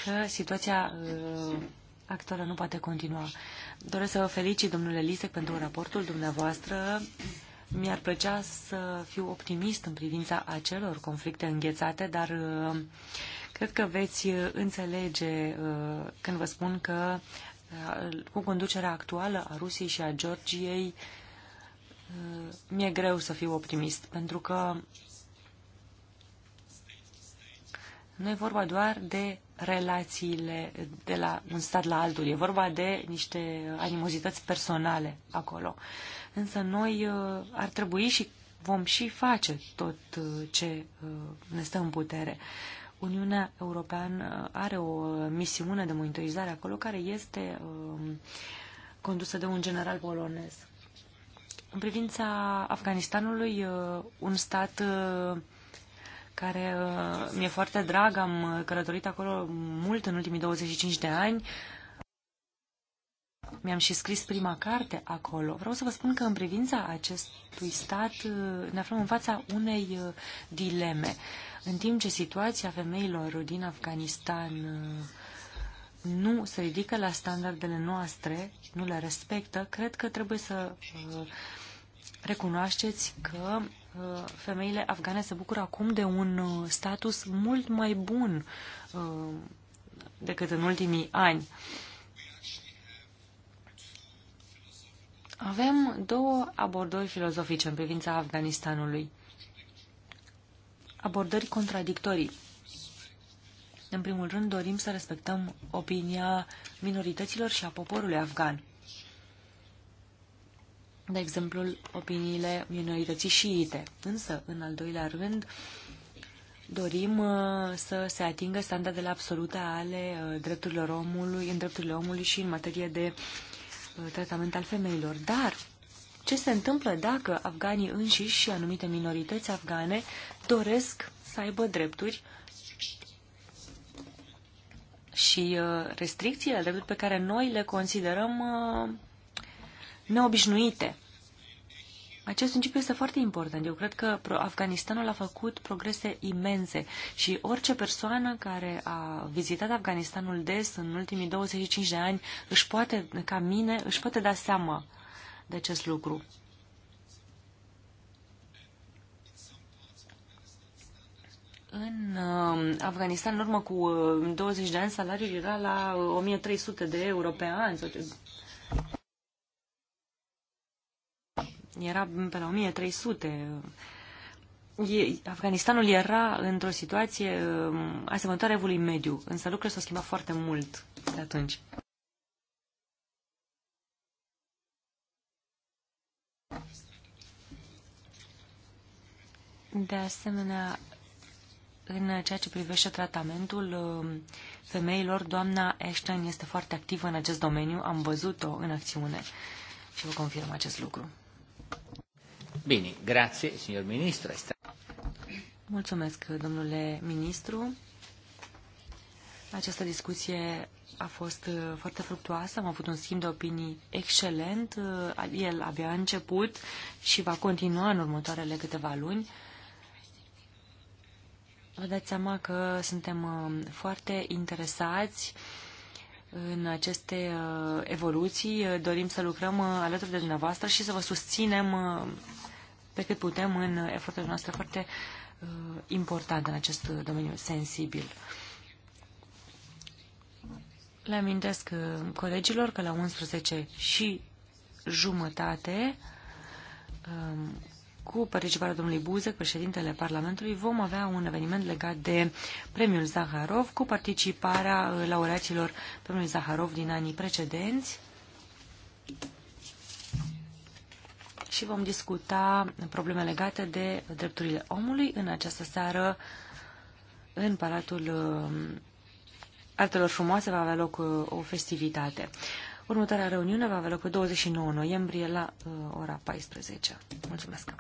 că situația uh, actuală nu poate continua. Doresc să vă felicit, domnule Lisec, pentru raportul dumneavoastră. Mi-ar plăcea să fiu optimist în privința acelor conflicte înghețate, dar uh, Cred că veți uh, înțelege uh, când vă spun că uh, cu conducerea actuală a Rusiei și a Georgiei mi-e greu să fiu optimist, pentru că nu e vorba doar de relațiile de la un stat la altul, e vorba de niște animozități personale acolo. Însă noi ar trebui și vom și face tot ce ne stă în putere. Uniunea Europeană are o misiune de monitorizare acolo care este um, condusă de un general polonez. În privința Afganistanului, uh, un stat uh, care uh, mi-e foarte drag, am călătorit acolo mult în ultimii 25 de ani, mi-am și scris prima carte acolo. Vreau să vă spun că în privința acestui stat ne aflăm în fața unei dileme. În timp ce situația femeilor din Afganistan uh, nu se ridică la standardele noastre, nu le respectă, cred că trebuie să uh, recunoașteți că uh, femeile afgane se bucură acum de un status mult mai bun decât în ultimii ani. Avem două abordări filozofice în privința Afganistanului abordări contradictorii. În primul rând, dorim să respectăm opinia minorităților și a poporului afgan. De exemplu, opiniile minorității șiite. Însă, în al doilea rând, dorim uh, să se atingă standardele absolute ale uh, drepturilor omului, în drepturile omului și în materie de uh, tratament al femeilor. Dar ce se întâmplă dacă afganii înșiși și anumite minorități afgane doresc să aibă drepturi și uh, restricțiile, drepturi pe care noi le considerăm uh, neobișnuite. Acest principiu este foarte important. Eu cred că Afganistanul a făcut progrese imense și orice persoană care a vizitat Afganistanul des în ultimii 25 de ani își poate, ca mine, își poate da seama de acest lucru. În um, Afganistan, în urmă cu 20 um, de ani, salariul era la 1300 uh, de euro pe an. Era pe la 1300. Afganistanul era într-o situație um, asemănătoare evului mediu, însă lucrurile s-au schimbat foarte mult de atunci. De asemenea, în ceea ce privește tratamentul um, femeilor, doamna Ashton este foarte activă în acest domeniu. Am văzut-o în acțiune și vă confirm acest lucru. Bine, grație, signor ministru. Mulțumesc, domnule ministru. Această discuție a fost uh, foarte fructuoasă, am avut un schimb de opinii excelent, uh, el abia a început și va continua în următoarele câteva luni. Vă dați seama că suntem uh, foarte interesați în aceste uh, evoluții. Dorim să lucrăm uh, alături de dumneavoastră și să vă susținem pe cât putem în eforturile noastre foarte importante în acest domeniu sensibil. Le amintesc colegilor că la 11 și jumătate um, cu participarea domnului Buzek, președintele Parlamentului, vom avea un eveniment legat de premiul Zaharov cu participarea laureaților premiului Zaharov din anii precedenți și vom discuta probleme legate de drepturile omului în această seară în Palatul uh, Artelor Frumoase va avea loc uh, o festivitate. Următoarea reuniune va avea loc pe 29 noiembrie la uh, ora 14. Mulțumesc!